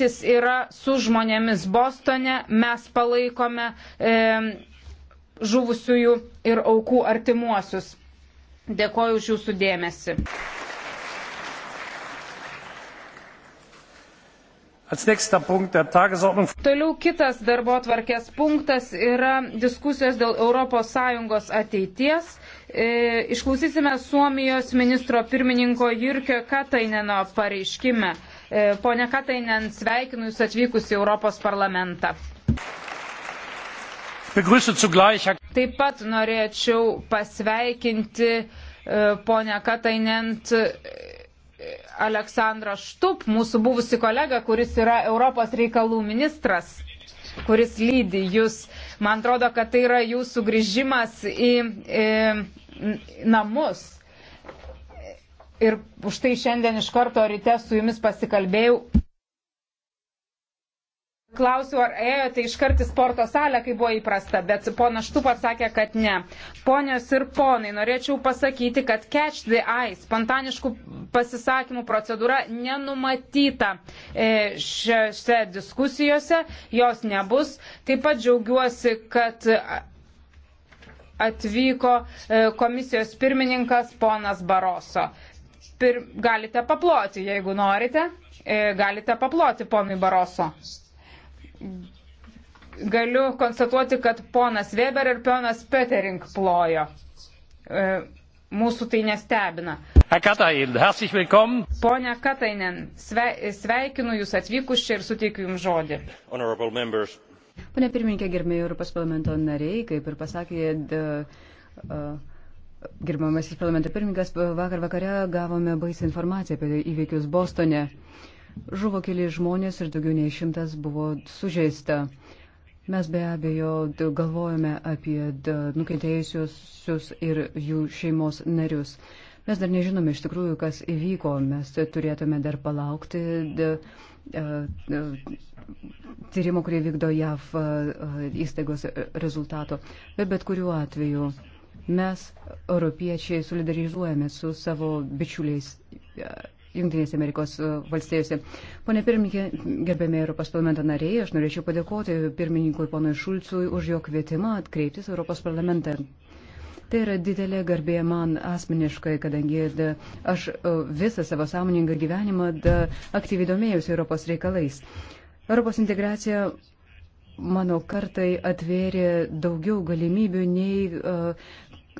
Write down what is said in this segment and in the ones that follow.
Tis yra su žmonėmis Bostone, mes palaikome e, žuvusiųjų ir aukų artimuosius. Dėkoju už jūsų dėmesį. Toliau kitas darbo tvarkės punktas yra diskusijos dėl ES ateities. E, išklausysime Suomijos ministro pirmininko Jurkio Kataineno pareiškime. E, Pone Katainen, sveikinu Jūs atvykus į Europos parlamentą. Taip pat norėčiau pasveikinti e, ponę Katainent e, Aleksandrą Štup, mūsų buvusi kolega, kuris yra Europos reikalų ministras, kuris lydi Jūs. Man atrodo, kad tai yra Jūsų grįžimas į, į namus ir už tai šiandien iš karto ryte su jumis pasikalbėjau. Klausiu, ar ėjote iškart į sporto salę, kaip buvo įprasta, bet pona Štupas sakė, kad ne. Ponios ir ponai, norėčiau pasakyti, kad catch the eye, spontaniškų pasisakymų procedūra nenumatyta e, šiose diskusijose, jos nebus. Taip pat džiaugiuosi, kad atvyko e, komisijos pirmininkas ponas Baroso pir, galite paploti, jeigu norite, e, galite paploti ponui Baroso. Galiu konstatuoti, kad ponas Weber ir ponas Petering plojo. E, mūsų tai nestebina. Pone Katainen, sveikinu Jūs atvykus čia ir suteikiu Jums žodį. Pone pirmininkė, gerbėjai Europos parlamento nariai, kaip ir pasakė, de, uh, Gerbiamasis parlamento pirmininkas, vakar vakare gavome baisę informaciją apie įvykius Bostone. Žuvo keli žmonės ir daugiau nei šimtas buvo sužeista. Mes be abejo galvojame apie nukentėjusius ir jų šeimos narius. Mes dar nežinome iš tikrųjų, kas įvyko. Mes turėtume dar palaukti tyrimo, kurį vykdo JAV įstaigos rezultato. Bet bet kuriuo atveju Mes, europiečiai, solidarizuojame su savo bičiuliais e, Junktinėse Amerikos e, valstijose. Pone pirmininkė, gerbėmi Europos parlamento nariai, aš norėčiau padėkoti pirmininkui ponui Šulcui už jo kvietimą atkreiptis Europos parlamentą. Tai yra didelė garbė man asmeniškai, kadangi da, e, aš visą savo sąmoningą gyvenimą da, aktyviai domėjusi Europos reikalais. Europos integracija mano kartai atvėrė daugiau galimybių nei uh,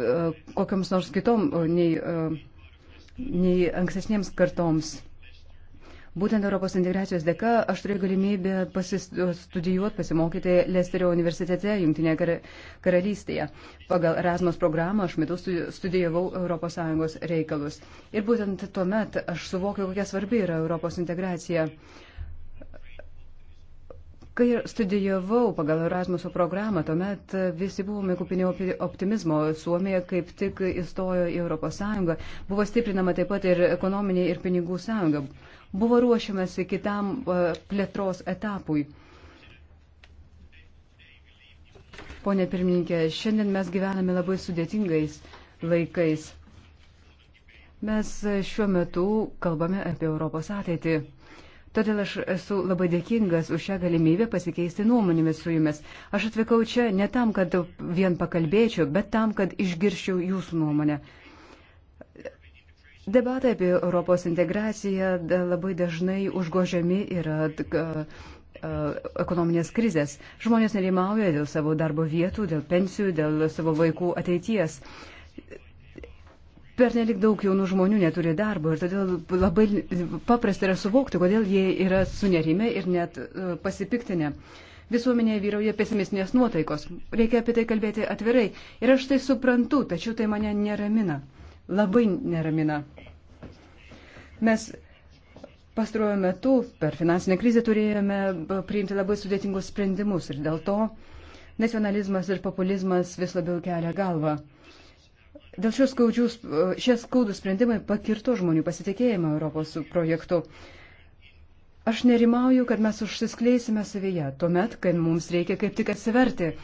E, kokiams nors kitom nei, e, nei ankstesniems kartoms. Būtent Europos integracijos dėka aš turėjau galimybę pasistudijuoti, pasimokyti Lesterio universitete Junktinėje kar karalystėje. Pagal Erasmus programą aš metus studijavau ES reikalus. Ir būtent tuomet aš suvokiau, kokia svarbi yra Europos integracija. Uh, Kai studijavau pagal Erasmuso programą, tuomet visi buvome kupini optimizmo. Suomija kaip tik įstojo į ES, buvo stiprinama taip pat ir ekonominė ir pinigų sąjunga, buvo ruošiamasi kitam e, plėtros etapui. Pone pirmininkė, šiandien mes gyvename labai sudėtingais laikais. Mes e, šiuo metu kalbame apie Europos ateitį. Todėl aš esu labai dėkingas už šią galimybę pasikeisti nuomonėmis su jumis. Aš atvykau čia ne tam, kad vien pakalbėčiau, bet tam, kad išgirščiau jūsų nuomonę. Debatai apie Europos integraciją labai dažnai užgožiami yra ekonominės krizės. Žmonės nerimauja dėl savo darbo vietų, dėl pensijų, dėl savo vaikų ateities. Pernelik daug jaunų žmonių neturi darbo ir todėl labai paprasta yra suvokti, kodėl jie yra sunerime ir net e, pasipiktinę. Visuomenėje vyrauja pesimistinės nuotaikos. Reikia apie tai kalbėti atvirai. Ir aš tai suprantu, tačiau tai mane neramina. Labai neramina. Mes pastaruoju metu per finansinę krizę turėjome e, priimti labai sudėtingus sprendimus ir dėl to nacionalizmas ir populizmas vis labiau kelia galvą. Dėl šios skaudžius, e, šie skaudus sprendimai pakirto žmonių pasitikėjimą Europos projektu. Aš nerimauju, kad mes užsiskleisime savyje, tuomet, kai mums reikia kaip tik atsiverti e,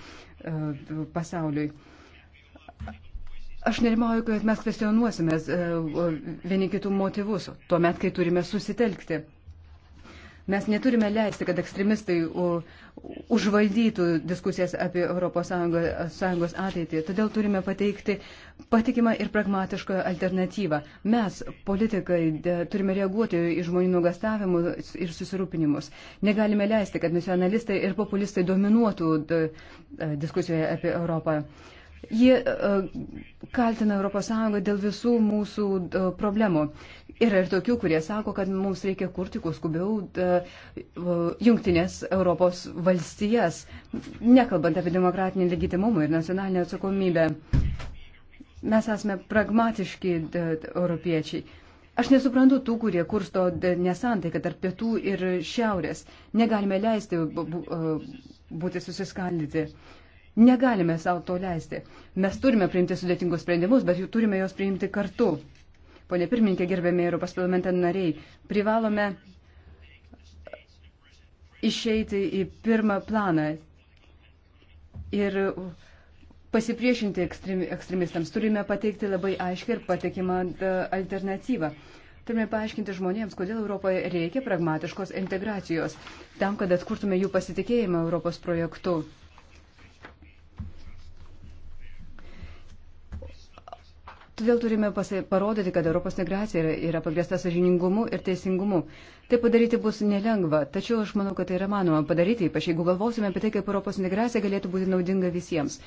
pasauliui. Aš nerimauju, kad mes kvestionuosime e, vieni kitų motyvus, tuomet, kai turime susitelkti. Mes neturime leisti, kad ekstremistai užvaldytų diskusijas apie ES ateitį. Todėl turime pateikti patikimą ir pragmatišką alternatyvą. Mes, politikai, turime reaguoti į žmonių nugastavimus ir susirūpinimus. Negalime leisti, kad nacionalistai ir populistai dominuotų diskusijoje apie Europą. Jie kaltina ES dėl visų mūsų e, problemų. Yra ir tokių, kurie sako, kad mums reikia kurti kuo skubiau e, e, jungtinės Europos valstijas, nekalbant apie demokratinį legitimumą ir nacionalinę atsakomybę. Mes esame pragmatiški europiečiai. Aš nesuprantu tų, kurie kursto nesantaiką tarp pietų ir šiaurės. Negalime leisti būti susiskaldyti. Negalime savo to leisti. Mes turime priimti sudėtingus sprendimus, bet jų turime juos priimti kartu. Pone pirmininkė, gerbėmi Europos parlamento nariai, privalome išeiti į pirmą planą ir pasipriešinti ekstremistams. Turime pateikti labai aiškį ir patikimą e, alternatyvą. Turime paaiškinti žmonėms, kodėl Europoje reikia pragmatiškos integracijos, tam, kad atkurtume jų pasitikėjimą Europos projektu. Todėl turime parodyti, kad Europos migracija yra, yra pagrėsta sažiningumu ir teisingumu. Tai padaryti bus nelengva, tačiau aš manau, kad tai yra manoma padaryti, ypač jeigu galvosime apie tai, kaip Europos migracija galėtų būti naudinga visiems.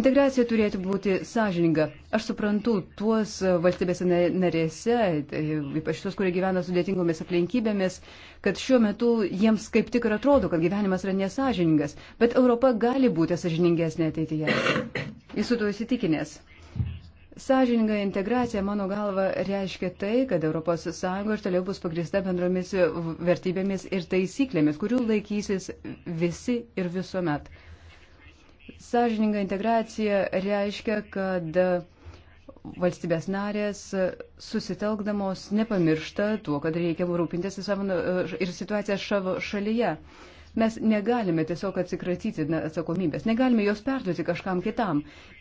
Integracija turėtų būti sažininga. Aš suprantu tuos valstybėse narėse, tai ypač tuos, kurie gyvena sudėtingomis aplinkybėmis, kad šiuo metu jiems kaip tik ir atrodo, kad gyvenimas yra nesažiningas, bet Europa gali būti sažiningesnė ateityje. Esu tuo įsitikinęs. Sąžininga integracija, mano galva, reiškia tai, kad ES ir toliau bus pagrįsta bendromis vertybėmis ir taisyklėmis, kurių laikysis visi ir visuomet. Sąžininga integracija reiškia, kad valstybės narės susitelkdamos nepamiršta tuo, kad reikia rūpintis ir situaciją šalyje. Mes negalime tiesiog atsikratyti atsakomybės, negalime jos perduoti kažkam kitam.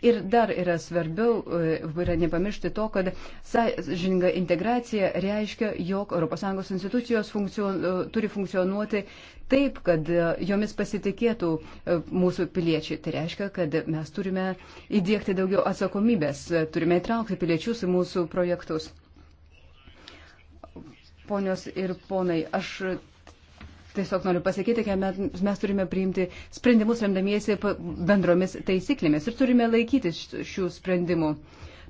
Ir dar yra svarbiau, e, yra nepamiršti to, kad sąžininga integracija reiškia, jog ES institucijos funkcion, e, turi funkcionuoti taip, kad e, jomis pasitikėtų mūsų piliečiai. Tai reiškia, kad mes turime įdėkti daugiau atsakomybės, turime įtraukti piliečius į mūsų projektus. Ponios ir ponai, aš Tiesiog noriu pasakyti, kad mes, mes turime priimti sprendimus remdamiesi bendromis taisyklėmis ir turime laikytis šių sprendimų.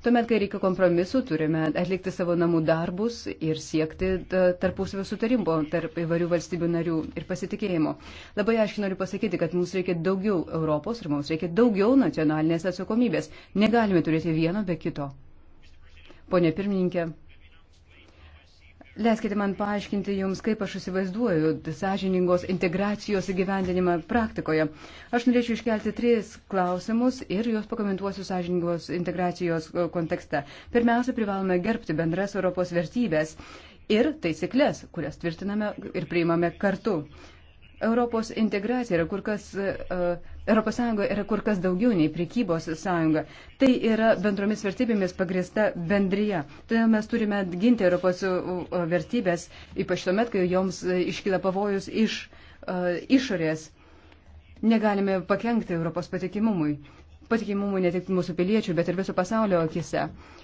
Tuomet, kai reikia kompromisų, turime atlikti savo namų darbus ir siekti e, tarpusavio sutarimo tarp įvairių valstybių narių ir pasitikėjimo. Labai aiškiai noriu pasakyti, kad mums reikia daugiau Europos ir mums reikia daugiau nacionalinės atsakomybės. Negalime turėti vieno be kito. Pone pirmininkė, Leiskite man paaiškinti Jums, kaip aš įsivaizduoju sąžiningos integracijos įgyvendinimą praktikoje. Aš norėčiau iškelti tris klausimus ir juos pakomentuosiu sąžiningos integracijos kontekste. Pirmiausia, privalome gerbti bendras Europos vertybės ir taisyklės, kurias tvirtiname ir priimame kartu. Europos integracija yra kur kas. Uh, ES yra kur kas daugiau nei prekybos sąjunga. Tai yra bendromis vertybėmis pagrįsta bendryje. Todėl mes turime ginti Europos vertybės, ypač tuomet, kai joms e, iškyla pavojus iš uh, išorės. Negalime pakengti Europos patikimumui. Patikimumui ne tik mūsų piliečių, bet ir viso pasaulio akise. Uh,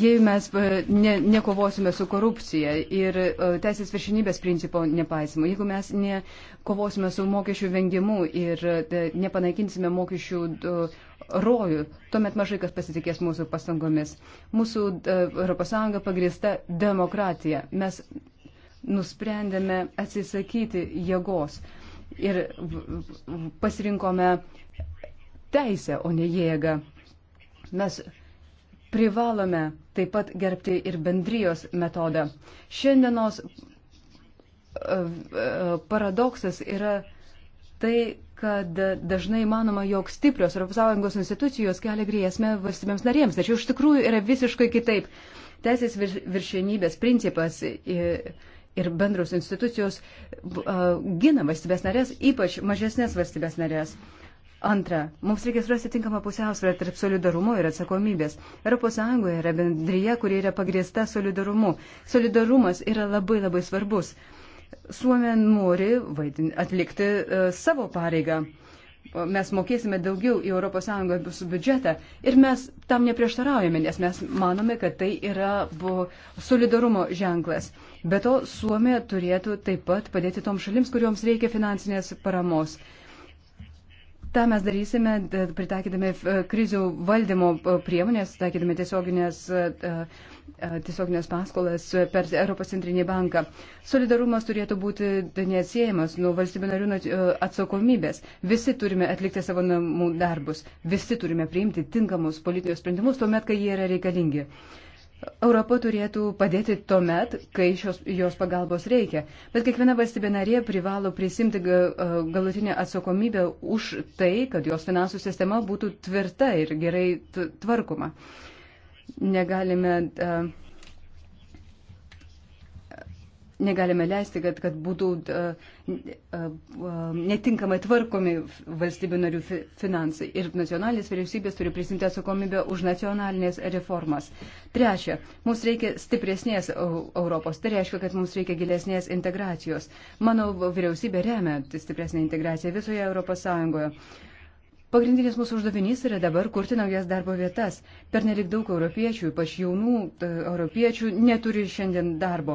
Jei mes e, ne, nekovosime su korupcija ir e, teisės viršinybės principo nepaisimu, jeigu mes nekovosime su mokesčių vengimu ir e, nepanaikinsime mokesčių rojų, tuomet mažai kas pasitikės mūsų pastangomis. Mūsų ES pagrįsta demokratija. Mes nusprendėme atsisakyti jėgos ir pasirinkome teisę, o ne jėgą. Mes Privalome taip pat gerbti ir bendrijos metodą. Šiandienos e, e, paradoksas yra tai, kad dažnai manoma, jog stiprios ES institucijos kelia grėsmę valstybėms narėms, tačiau iš tikrųjų yra visiškai kitaip. Teisės viršienybės principas ir bendros institucijos e, gina valstybės narės, ypač mažesnės valstybės narės. Antra, mums reikia surasti tinkamą pusiausvyrą tarp solidarumo ir atsakomybės. ES yra bendryje, kuri yra pagrėsta solidarumu. Solidarumas yra labai labai svarbus. Suomija nori vaidin, atlikti uh, savo pareigą. Mes mokėsime daugiau į ES biudžetą ir mes tam neprieštaraujame, nes mes manome, kad tai yra solidarumo ženklas. Be to, Suomija turėtų taip pat padėti toms šalims, kuriuoms reikia finansinės paramos. Uh, Ta mes darysime, pritaikydami krizių valdymo priemonės, taikydami tiesioginės, e, e, tiesioginės paskolas per Europos centrinį banką. Solidarumas turėtų būti neatsiejamas nuo valstybių narių e, atsakomybės. Visi turime atlikti savo namų darbus, visi turime priimti tinkamus politinius sprendimus tuomet, kai jie yra reikalingi. Europa turėtų padėti tuo met, kai šios, jos pagalbos reikia. Bet kiekviena valstybė narė privalo prisimti galutinę atsakomybę už tai, kad jos finansų sistema būtų tvirta ir gerai tvarkoma. Negalime. Uh, negalime leisti, kad, kad būtų e, e, e, netinkamai tvarkomi valstybių narių finansai. Ir nacionalinės vyriausybės turi prisimti atsakomybę už nacionalinės reformas. Trečia, mums reikia stipresnės Europos. Tai reiškia, kad mums reikia gilesnės integracijos. Mano vyriausybė remia stipresnę integraciją visoje Europos Sąjungoje. Pagrindinis mūsų uždavinys yra dabar kurti naujas darbo vietas. Per nelik daug europiečių, ypač jaunų e, europiečių, neturi šiandien darbo.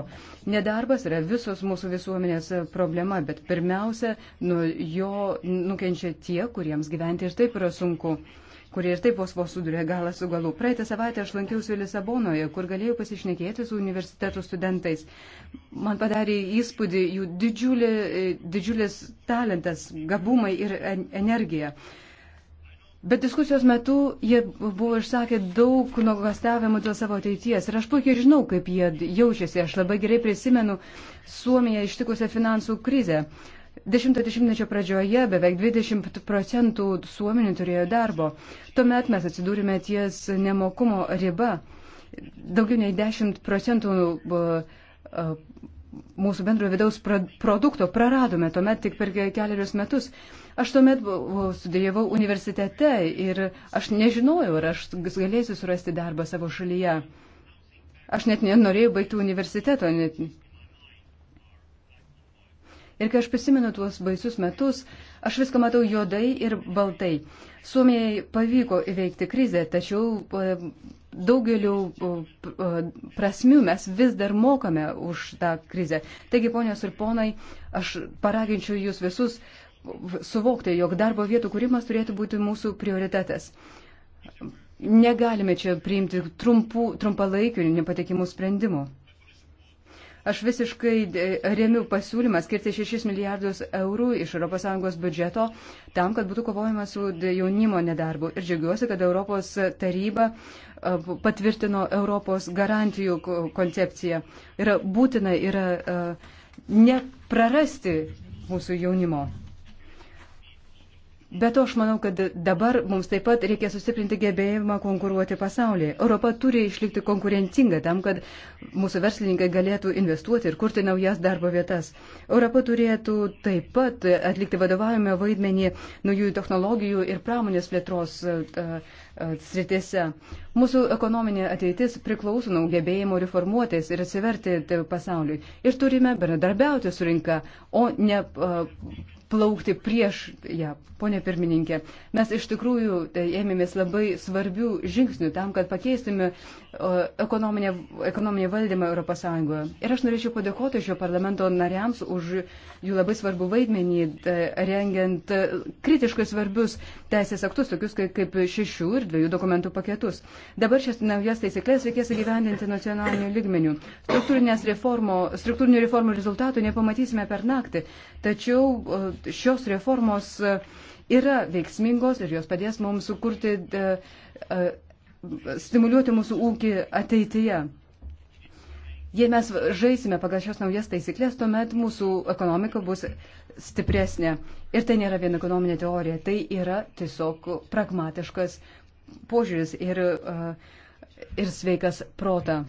Nedarbas yra visos mūsų visuomenės e, problema, bet pirmiausia, nuo jo nukenčia tie, kuriems gyventi ir taip yra sunku kurie ir taip vos vos sudurė galą su galu. Praeitą savaitę aš lankiausi Lisabonoje, kur galėjau pasišnekėti su universiteto studentais. Man padarė įspūdį jų didžiulė, e, didžiulis talentas, gabumai ir energija. Bet diskusijos metu jie buvo išsakę daug nuogastavimų dėl savo ateities ir aš puikiai žinau, kaip jie jaučiasi. Aš labai gerai prisimenu Suomiją ištikusią finansų krizę. Dešimto dešimtmečio pradžioje beveik 20 procentų suomenių turėjo darbo. Tuomet mes atsidūrėme ties nemokumo riba. Daugiau nei 10 procentų uh, uh, mūsų bendrojo vidaus produkto praradome tuomet tik per keliarius metus. Aš tuomet studijavau universitete ir aš nežinojau, ar aš galėsiu surasti darbą savo šalyje. Aš net nenorėjau baigti universiteto. Net... Ir kai aš prisimenu tuos baisius metus, aš viską matau juodai ir baltai. Suomijai pavyko įveikti krizę, tačiau e, daugeliu e, e, prasmių mes vis dar mokame už tą krizę. Taigi, ponios ir ponai, aš paraginčiau jūs visus suvokti, jog darbo vietų kūrimas turėtų būti mūsų prioritetas. Negalime čia priimti trumpų, trumpalaikių ir nepatikimų sprendimų. Aš visiškai e, remiu pasiūlymą skirti 6 milijardus eurų iš ES biudžeto tam, kad būtų kovojama su jaunimo nedarbu. Ir džiaugiuosi, kad Europos taryba e, patvirtino Europos garantijų koncepciją. Yra būtina yra e, neprarasti mūsų jaunimo. Bet aš manau, kad dabar mums taip pat reikia sustiprinti gebėjimą konkuruoti pasaulyje. Europa turi išlikti konkurencinga tam, kad mūsų verslininkai galėtų investuoti ir kurti naujas darbo vietas. Europa turėtų taip pat atlikti vadovavimą vaidmenį naujųjų technologijų ir pramonės plėtros e, e, sritėse. Mūsų ekonominė ateitis priklauso nuo gebėjimo reformuotis ir atsiverti pasauliui. Ir turime bendradarbiauti su rinka, o ne e, plaukti prieš ją. Pone pirmininkė, mes iš tikrųjų e, ėmėmės labai svarbių žingsnių tam, kad pakeistume ekonominį, ekonominį valdymą ES. Ir aš norėčiau padėkoti šio parlamento nariams už jų labai svarbu vaidmenį, e, rengiant e, kritiškai svarbius teisės aktus, tokius kaip šešių ir dviejų dokumentų paketus. Dabar šias naujas taisyklės reikės įgyvendinti nacionaliniu lygmeniu. Reformo, struktūrinių reformų rezultatų nepamatysime per naktį, tačiau e, šios reformos yra veiksmingos ir jos padės mums sukurti. De, de, stimuliuoti mūsų ūkį ateityje. Jei mes žaisime pagal šios naujas taisyklės, tuomet mūsų ekonomika bus stipresnė. Ir tai nėra viena ekonominė teorija, tai yra tiesiog pragmatiškas požiūris ir, uh, ir sveikas protą.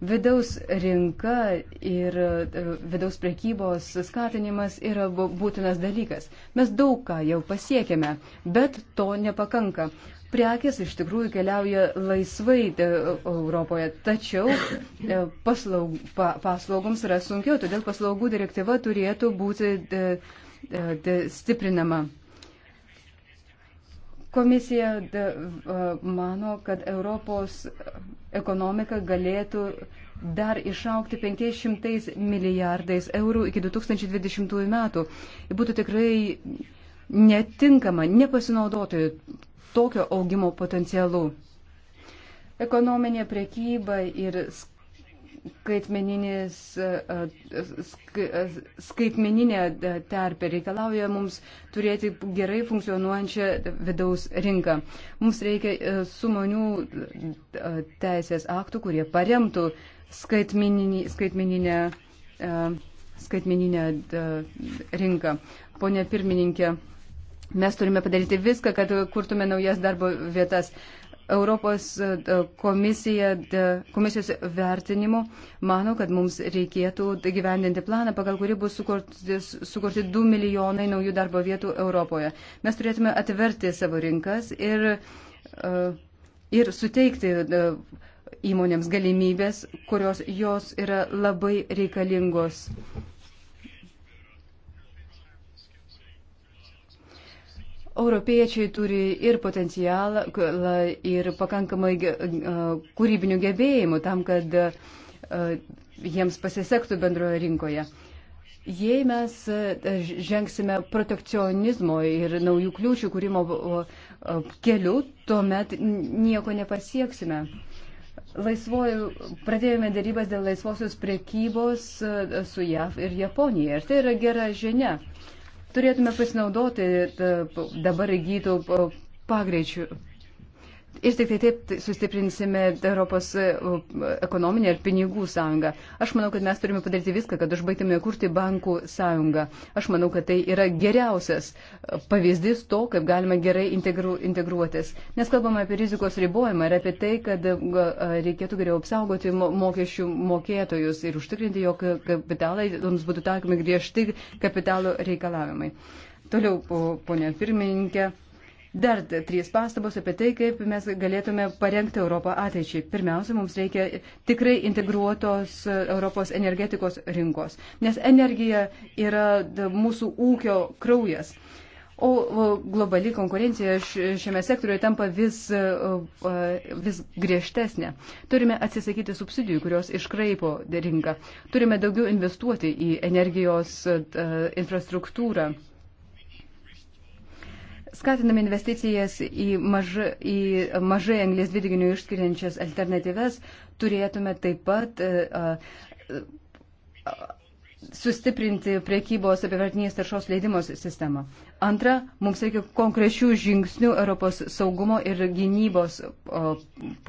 Vidaus rinka ir uh, vidaus prekybos skatinimas yra būtinas dalykas. Mes daug ką jau pasiekėme, bet to nepakanka. Prekės iš tikrųjų keliauja laisvai e, Europoje, tačiau e, paslaug, pa, paslaugoms yra sunkiau, todėl paslaugų direktyva turėtų būti de, e, de, stiprinama. Komisija de, mano, kad Europos ekonomika galėtų dar išaukti 500 milijardais eurų iki 2020 metų. Būtų tikrai netinkama nepasinaudoti tokio augimo potencialu. Ekonominė priekyba ir skaitmeninis, skaitmeninė terpė reikalauja mums turėti gerai funkcionuojančią vidaus rinką. Mums reikia e, sumonių e, teisės aktų, kurie paremtų skaitmeninį, skaitmeninę, e, skaitmeninę rinką. Pone pirmininkė, Mes turime padaryti viską, kad kurtume naujas darbo vietas. Europos e, komisija, e, komisijos vertinimu mano, kad mums reikėtų gyvendinti planą, pagal kurį bus sukurti, sukurti 2 milijonai naujų darbo vietų Europoje. Mes turėtume atverti savo rinkas ir, e, ir suteikti įmonėms galimybės, kurios jos yra labai reikalingos. Europiečiai turi ir potencialą, ir pakankamai kūrybinių gebėjimų tam, kad jiems pasisektų bendroje rinkoje. Jei mes žengsime protekcionizmo ir naujų kliūčių kūrimo keliu, tuomet nieko nepasieksime. Laisvoju, pradėjome darybas dėl laisvosios priekybos su JAV ir Japonija. Ir tai yra gera žinia. Uh, turėtume pasinaudoti e, dabar įgytų e, pagreičių Ir tik tai taip tai sustiprinsime Europos e, ekonominę ir pinigų sąjungą. Aš manau, kad mes turime padaryti viską, kad užbaigtume kurti bankų sąjungą. Aš manau, kad tai yra geriausias e, pavyzdys to, kaip galima gerai integru, integruotis. Nes kalbame apie rizikos ribojimą ir apie tai, kad e, reikėtų geriau apsaugoti mokesčių mokėtojus ir užtikrinti, jog kapitalai mums būtų taikomi griežti kapitalo reikalavimai. Toliau, ponė pirmininkė. Dar trys pastabos apie tai, kaip mes galėtume parengti Europą ateičiai. Pirmiausia, mums reikia tikrai integruotos Europos energetikos rinkos, nes energija yra mūsų ūkio kraujas. O globali konkurencija šiame sektoriuje tampa vis, e, e, vis griežtesnė. Turime atsisakyti subsidijų, kurios iškraipo rinką. Turime daugiau investuoti į energijos e, infrastruktūrą. Skatiname investicijas į, maž, į mažai anglės dvideginių išskiriančias alternatyves, turėtume taip pat uh, uh, sustiprinti priekybos apivartinės taršos leidimos sistemą. Antra, mums reikia konkrečių žingsnių Europos saugumo ir gynybos uh,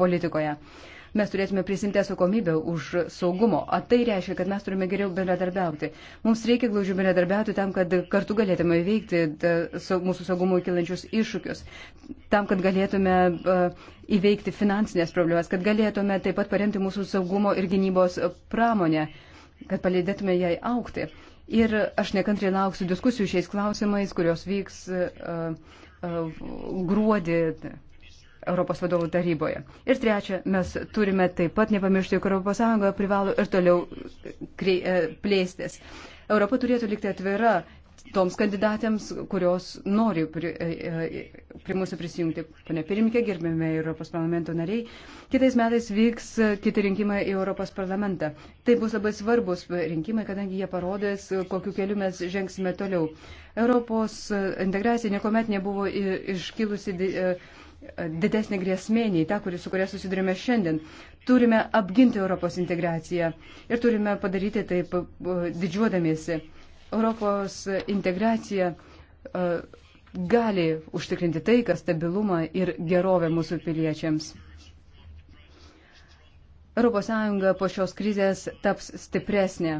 politikoje. Uh, Mes turėtume prisimti atsakomybę už saugumo, o tai reiškia, kad mes turime geriau bendradarbiauti. Mums reikia glaužių bendradarbiauti tam, kad kartu galėtume veikti mūsų saugumo kilančius iššūkius, tam, kad galėtume įveikti finansinės problemas, kad galėtume taip pat paremti mūsų saugumo ir gynybos pramonę, kad palėdėtume jai aukti. Ir aš nekantriai lauksiu diskusijų šiais klausimais, kurios vyks uh, uh, gruodį. Europos vadovų taryboje. Ir trečia, mes turime taip pat nepamiršti, jog Europos Sąjungoje privalo ir toliau krei, e, plėstis. Europa turėtų likti atvira toms kandidatėms, kurios nori prie, e, prie mūsų prisijungti. Pane pirmininkė, gerbėme Europos parlamento nariai. Kitais metais vyks kiti rinkimai į Europos parlamentą. Tai bus labai svarbus rinkimai, kadangi jie parodės, kokiu keliu mes žengsime toliau. Europos integracija niekuomet nebuvo iškilusi. Di, e, didesnė grėsmė nei ta, kuri, su kuria susidurime šiandien. Turime apginti Europos integraciją ir turime padaryti taip uh, didžiuodamiesi. Europos integracija uh, gali užtikrinti taiką, stabilumą ir gerovę mūsų piliečiams. ES po šios krizės taps stipresnė.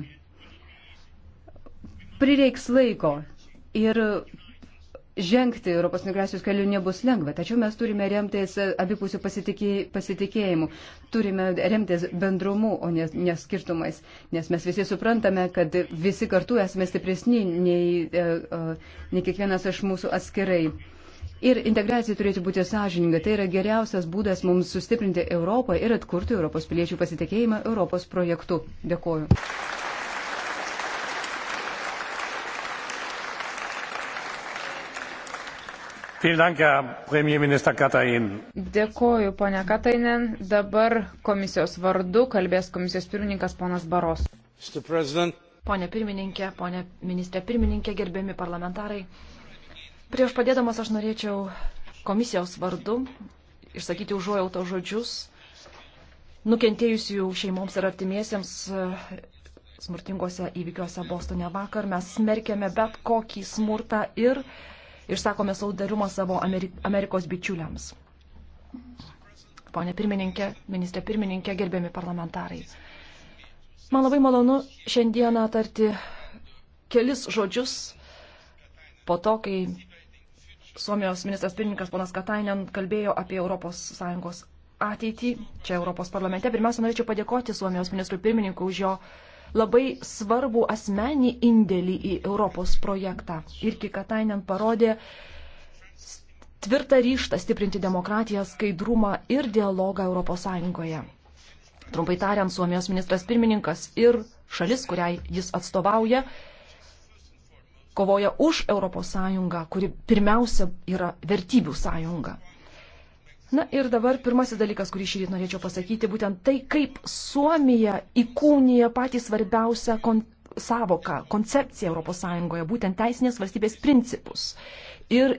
Prireiks laiko ir žengti Europos migracijos keliu nebus lengva, tačiau mes turime remtis abipusių pasitikėjimų, turime remtis bendrumu, o ne, ne skirtumais, nes mes visi suprantame, kad visi kartu esame stipresni nei, e, e, nei kiekvienas iš mūsų atskirai. Ir integracija turėtų būti sąžininga. Tai yra geriausias būdas mums sustiprinti Europą ir atkurti Europos piliečių pasitikėjimą Europos projektu. Dėkuoju. Dėkoju, ponia Katainen. Dabar komisijos vardu kalbės komisijos pirmininkas ponas Baros. Pone pirmininkė, pone ministrė pirmininkė, gerbiami parlamentarai. Prieš padėdamas aš norėčiau komisijos vardu išsakyti užuojauto žodžius nukentėjusių šeimoms ir artimiesiems e, smurtingose įvykiuose Bostone vakar. Mes smerkėme bet kokį smurtą ir išsakome saudarumą savo Amerikos bičiuliams. Pone pirmininkė, ministrė pirmininkė, gerbiami parlamentarai. Man labai malonu šiandieną tarti kelis žodžius po to, kai Suomijos ministras pirmininkas ponas Katainen kalbėjo apie ES ateitį čia Europos parlamente. Pirmiausia, norėčiau padėkoti Suomijos ministrui pirmininkui už jo labai svarbų asmenį indėlį į Europos projektą. Irgi Katainen parodė tvirtą ryštą stiprinti demokratiją, skaidrumą ir dialogą ES. Trumpai tariant, Suomijos ministras pirmininkas ir šalis, kuriai jis atstovauja, kovoja už ES, kuri pirmiausia yra vertybių sąjunga. Na ir dabar pirmasis dalykas, kurį šį rytą norėčiau pasakyti, būtent tai, kaip Suomija įkūnija patį svarbiausią kon savoką, koncepciją ES, būtent teisinės valstybės principus ir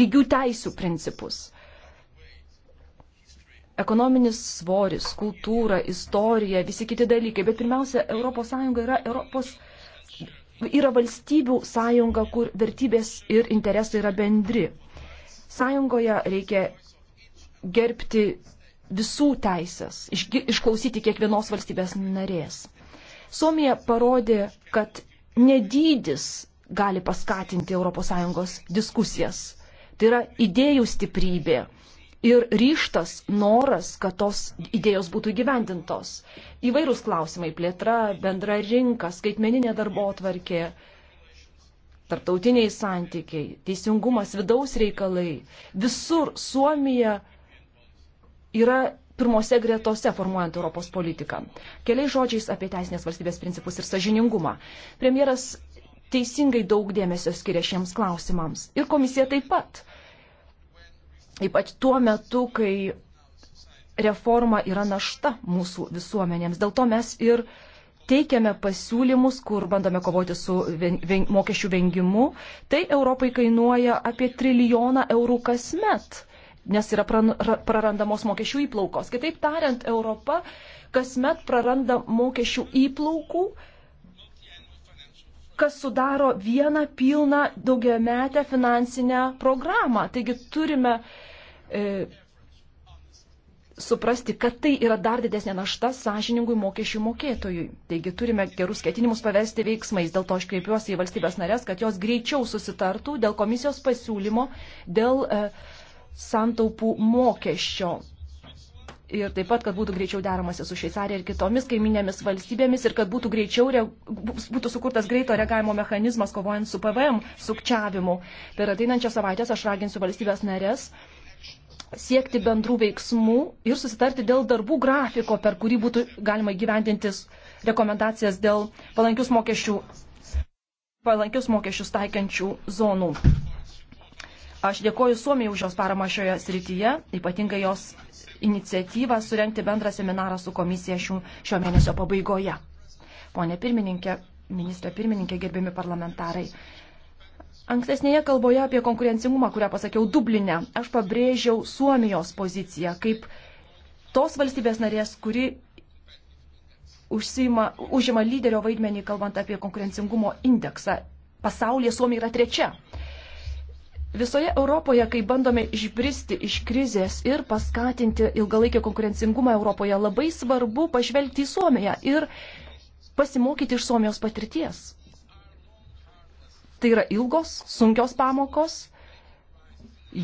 lygių teisų principus. Ekonominis svoris, kultūra, istorija, visi kiti dalykai, bet pirmiausia, ES yra Europos yra valstybių sąjunga, kur vertybės ir interesai yra bendri. Sąjungoje reikia gerbti visų teisės, išklausyti kiekvienos valstybės narės. Suomija parodė, kad nedydis gali paskatinti ES diskusijas. Tai yra idėjų stiprybė ir ryštas noras, kad tos idėjos būtų gyvendintos. Įvairūs klausimai - plėtra, bendra rinka, skaitmeninė darbo atvarkė, tarptautiniai santykiai, teisingumas, vidaus reikalai. Visur Suomija yra pirmose gretose formuojant Europos politiką. Keliais žodžiais apie teisinės valstybės principus ir sažiningumą. Premjeras teisingai daug dėmesio skiria šiems klausimams. Ir komisija taip pat. Ypač tuo metu, kai reforma yra našta mūsų visuomenėms. Dėl to mes ir teikiame pasiūlymus, kur bandome kovoti su ven, ven, mokesčių vengimu. Tai Europai kainuoja apie trilijoną eurų kasmet nes yra prarandamos mokesčių įplaukos. Kitaip tariant, Europa kasmet praranda mokesčių įplaukų, kas sudaro vieną pilną daugiametę finansinę programą. Taigi turime e, suprasti, kad tai yra dar didesnė našta sąžiningui mokesčių mokėtojui. Taigi turime gerus ketinimus pavesti veiksmais. Dėl to aš kreipiuosi į valstybės narės, kad jos greičiau susitartų dėl komisijos pasiūlymo, dėl e, santaupų mokesčio. Ir taip pat, kad būtų greičiau deramasi su Šveicarija ir kitomis kaiminėmis valstybėmis ir kad būtų greičiau, būtų sukurtas greito reagavimo mechanizmas kovojant su PVM sukčiavimu. Per ateinančią savaitę aš raginsiu valstybės narės siekti bendrų veiksmų ir susitarti dėl darbų grafiko, per kurį būtų galima gyventintis rekomendacijas dėl palankius mokesčių, palankius mokesčius taikiančių zonų. Aš dėkoju Suomijai už jos paramą šioje srityje, ypatingai jos iniciatyvą surenkti bendrą seminarą su komisija šių, šio mėnesio pabaigoje. Pone pirmininkė, ministrė pirmininkė, gerbiami parlamentarai. Ankstesnėje kalboje apie konkurencingumą, kurią pasakiau Dublinę, aš pabrėžiau Suomijos poziciją kaip tos valstybės narės, kuri užsima, užima lyderio vaidmenį, kalbant apie konkurencingumo indeksą. Pasaulyje Suomija yra trečia. Visoje Europoje, kai bandome išbristi iš krizės ir paskatinti ilgalaikį konkurencingumą Europoje, labai svarbu pažvelgti į Suomiją ir pasimokyti iš Suomijos patirties. Tai yra ilgos, sunkios pamokos,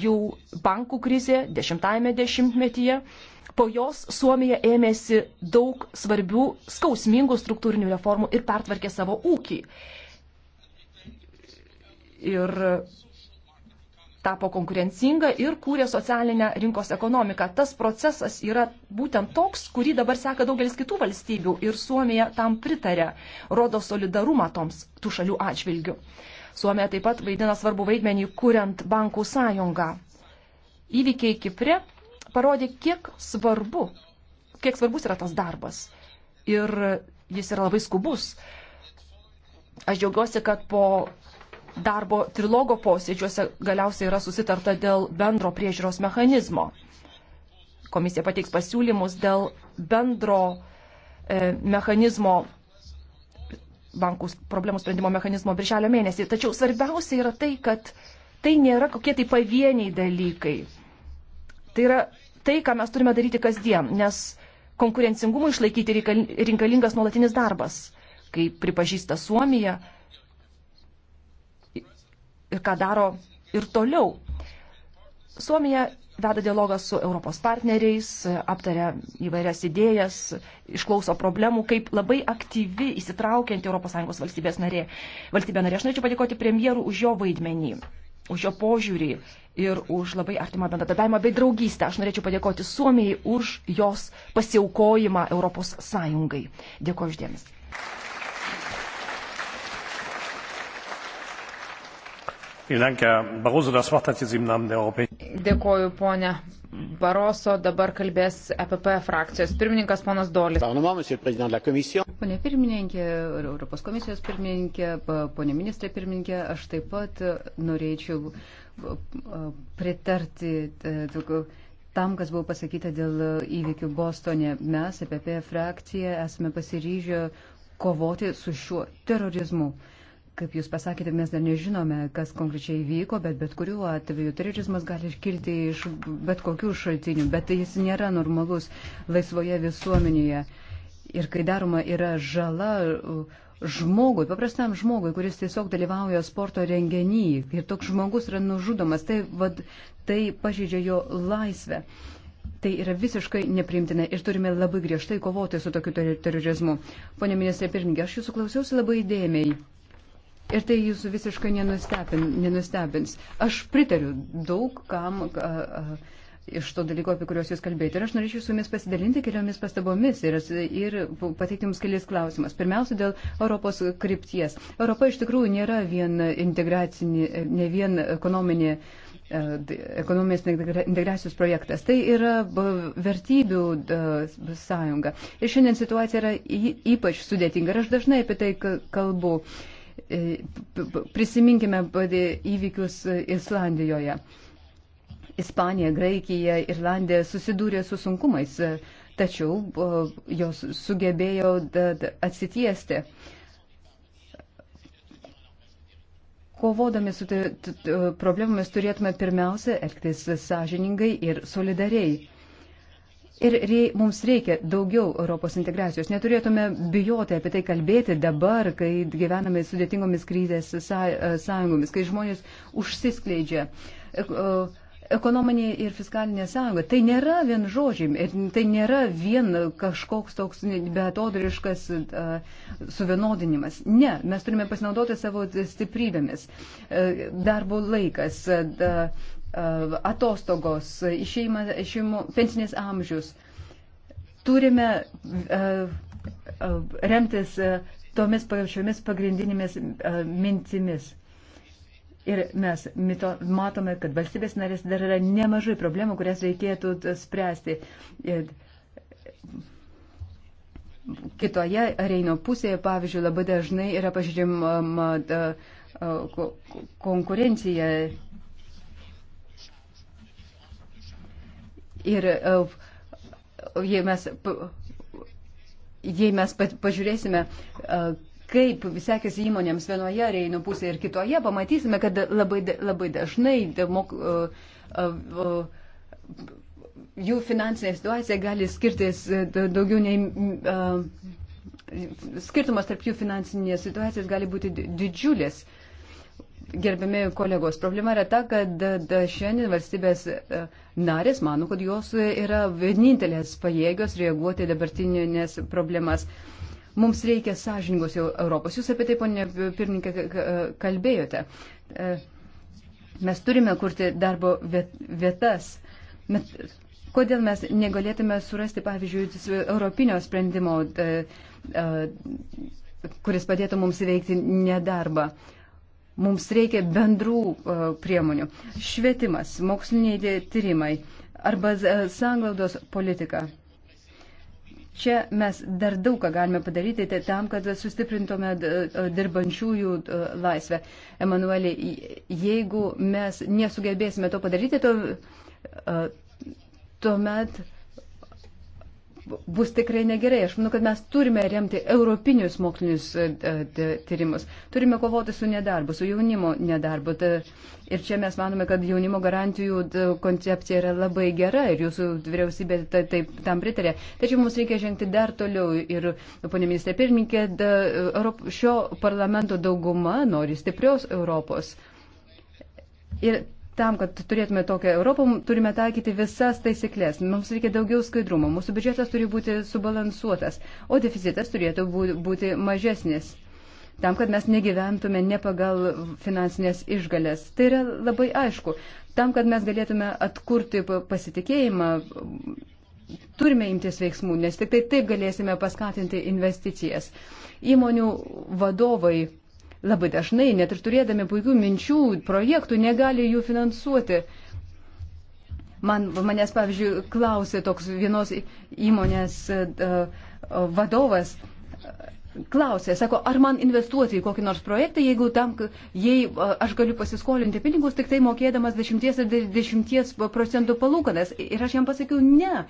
jų bankų krizė dešimtajame dešimtmetyje. Po jos Suomija ėmėsi daug svarbių, skausmingų struktūrinių reformų ir pertvarkė savo ūkį. Ir tapo konkurencinga ir kūrė socialinę rinkos ekonomiką. Tas procesas yra būtent toks, kurį dabar seka daugelis kitų valstybių ir Suomija tam pritarė, rodo solidarumą toms tų šalių atžvilgių. Suomija taip pat vaidina svarbu vaidmenį, kuriant bankų sąjungą. Įvykiai Kipre parodė, kiek svarbu, kiek svarbus yra tas darbas. Ir jis yra labai skubus. Aš džiaugiuosi, kad po darbo trilogo posėdžiuose galiausiai yra susitarta dėl bendro priežiūros mechanizmo. Komisija pateiks pasiūlymus dėl bendro e, mechanizmo, bankų problemų sprendimo mechanizmo birželio mėnesį. Tačiau svarbiausia yra tai, kad tai nėra kokie tai pavieniai dalykai. Tai yra tai, ką mes turime daryti kasdien, nes konkurencingumui išlaikyti reikalingas nuolatinis darbas. Kaip pripažįsta Suomija, ir ką daro ir toliau. Suomija veda dialogą su Europos partneriais, aptaria įvairias idėjas, išklauso problemų, kaip labai aktyvi įsitraukianti ES valstybės narė. Valstybė narė, aš norėčiau padėkoti premjerų už jo vaidmenį, už jo požiūrį ir už labai artimą bendradarbiavimą bei draugystę. Aš norėčiau padėkoti Suomijai už jos pasiaukojimą ES. Dėkuoju uždėmesi. Dėkoju, ponė Baroso. Dabar kalbės EPP frakcijos pirmininkas ponas Dolis. Pone pirmininkė, Europos komisijos pirmininkė, ponė ministrė pirmininkė, aš taip pat norėčiau pritarti tam, kas buvo pasakyta dėl įvykių Bostone. Mes, EPP frakcija, esame pasiryžę kovoti su šiuo terorizmu. Uh, Kaip Jūs pasakėte, mes dar nežinome, kas konkrečiai vyko, bet bet kuriuo atveju terorizmas gali kilti iš bet kokių šaltinių, bet jis nėra normalus laisvoje visuomenėje. Ir kai daroma yra žala žmogui, paprastam žmogui, kuris tiesiog dalyvauja sporto renginį ir toks žmogus yra nužudomas, tai, vad, tai pažydžia jo laisvę. Tai yra visiškai neprimtina ir turime labai griežtai kovoti su tokiu terorizmu. Pone ministrė pirmininkė, aš jūsų klausiausi labai įdėmiai. Ir tai jūsų visiškai nenustebins. Aš pritariu daug kam. A, a, iš to dalyko, apie kuriuos jūs kalbėjote. Ir aš norėčiau su jumis pasidalinti keliomis pastabomis ir, ir pateikti jums kelias klausimas. Pirmiausia, dėl Europos krypties. Europa iš tikrųjų nėra vien integracinė, ne vien ekonominė e, ekonominės integracijos projektas. Tai yra vertybių sąjunga. Ir šiandien situacija yra ypač sudėtinga. Ir aš dažnai apie tai kalbu. E, prisiminkime įvykius e, Islandijoje. Ispanija, Graikija, Irlandija susidūrė su sunkumais, e, tačiau jos sugebėjo atsitiesti. Kovodami su problemomis turėtume pirmiausia elgtis sąžiningai ir solidariai. Ir rei, mums reikia daugiau Europos integracijos. Neturėtume bijoti apie tai kalbėti dabar, kai gyvename sudėtingomis krizės e, sąjungomis, kai žmonės užsiskleidžia. Ekonominė ir fiskalinė sąjunga tai nėra vien žodžiai, tai nėra vien kažkoks toks beatodriškas e, suvienodinimas. Ne, mes turime pasinaudoti savo stiprybėmis. E, darbo laikas, E, atostogos, išeima, išeimo, pensinis amžius. Turime e, e, remtis tomis pačiomis pagrindinėmis mintimis. Ir mes mito, matome, kad valstybės narės dar yra nemažai problemų, kurias reikėtų spręsti. Ir kitoje Reino pusėje, pavyzdžiui, labai dažnai yra pažiūrima konkurencija Ir e, jei mes, jei mes pažiūrėsime, e, kaip sekėsi įmonėms vienoje reino pusėje ir kitoje, pamatysime, kad labai, labai dažnai demok, e, jų finansinė situacija gali skirtis daugiau nei. Skirtumas tarp jų finansinės situacijos gali būti didžiulis. Uh, Gerbiami kolegos, problema yra ta, kad šiandien valstybės e, narės mano, kad jos yra vienintelės pajėgios reaguoti dabartinės problemas. Mums reikia sąžiningos Europos. Jūs apie tai, ponė pirmininkė, kalbėjote. E, mes turime kurti darbo vietas. Bet kodėl mes negalėtume surasti, pavyzdžiui, europinio sprendimo, e, kuris padėtų mums įveikti nedarbą? Mums reikia bendrų e, priemonių. Švietimas, moksliniai tyrimai arba e, sanglaudos politika. Čia mes dar daug ką galime padaryti tai tam, kad sustiprintume e, dirbančiųjų laisvę. Emanuelį, jeigu mes nesugebėsime to padaryti, to, tuomet bus tikrai negerai. Aš manau, kad mes turime remti europinius mokslinius e, tyrimus. Turime kovoti su nedarbu, su jaunimo nedarbu. Ir čia mes manome, kad jaunimo garantijų koncepcija yra labai gera ir jūsų vyriausybė taip tam pritarė. Tačiau mums reikia žengti dar toliau. Ir, ponė ministrė pirmininkė, šio parlamento dauguma nori stiprios Europos. Ir tam, kad turėtume tokią Europą, turime taikyti visas taisyklės. Mums reikia daugiau skaidrumo, mūsų biudžetas turi būti subalansuotas, o deficitas turėtų būti mažesnis. Tam, kad mes negyventume ne pagal finansinės išgalės. Tai yra labai aišku. Tam, kad mes galėtume atkurti pasitikėjimą, turime imtis veiksmų, nes tik tai taip galėsime paskatinti investicijas. Įmonių vadovai labai dažnai, net ir turėdami puikių minčių, projektų, negali jų finansuoti. Man, manęs, pavyzdžiui, klausė toks vienos įmonės e, e, vadovas, klausė, sako, ar man investuoti į kokį nors projektą, jeigu tam, jei e, aš galiu pasiskolinti pinigus, tik tai mokėdamas 10 ar 20 procentų palūkanas. Ir aš jam pasakiau, ne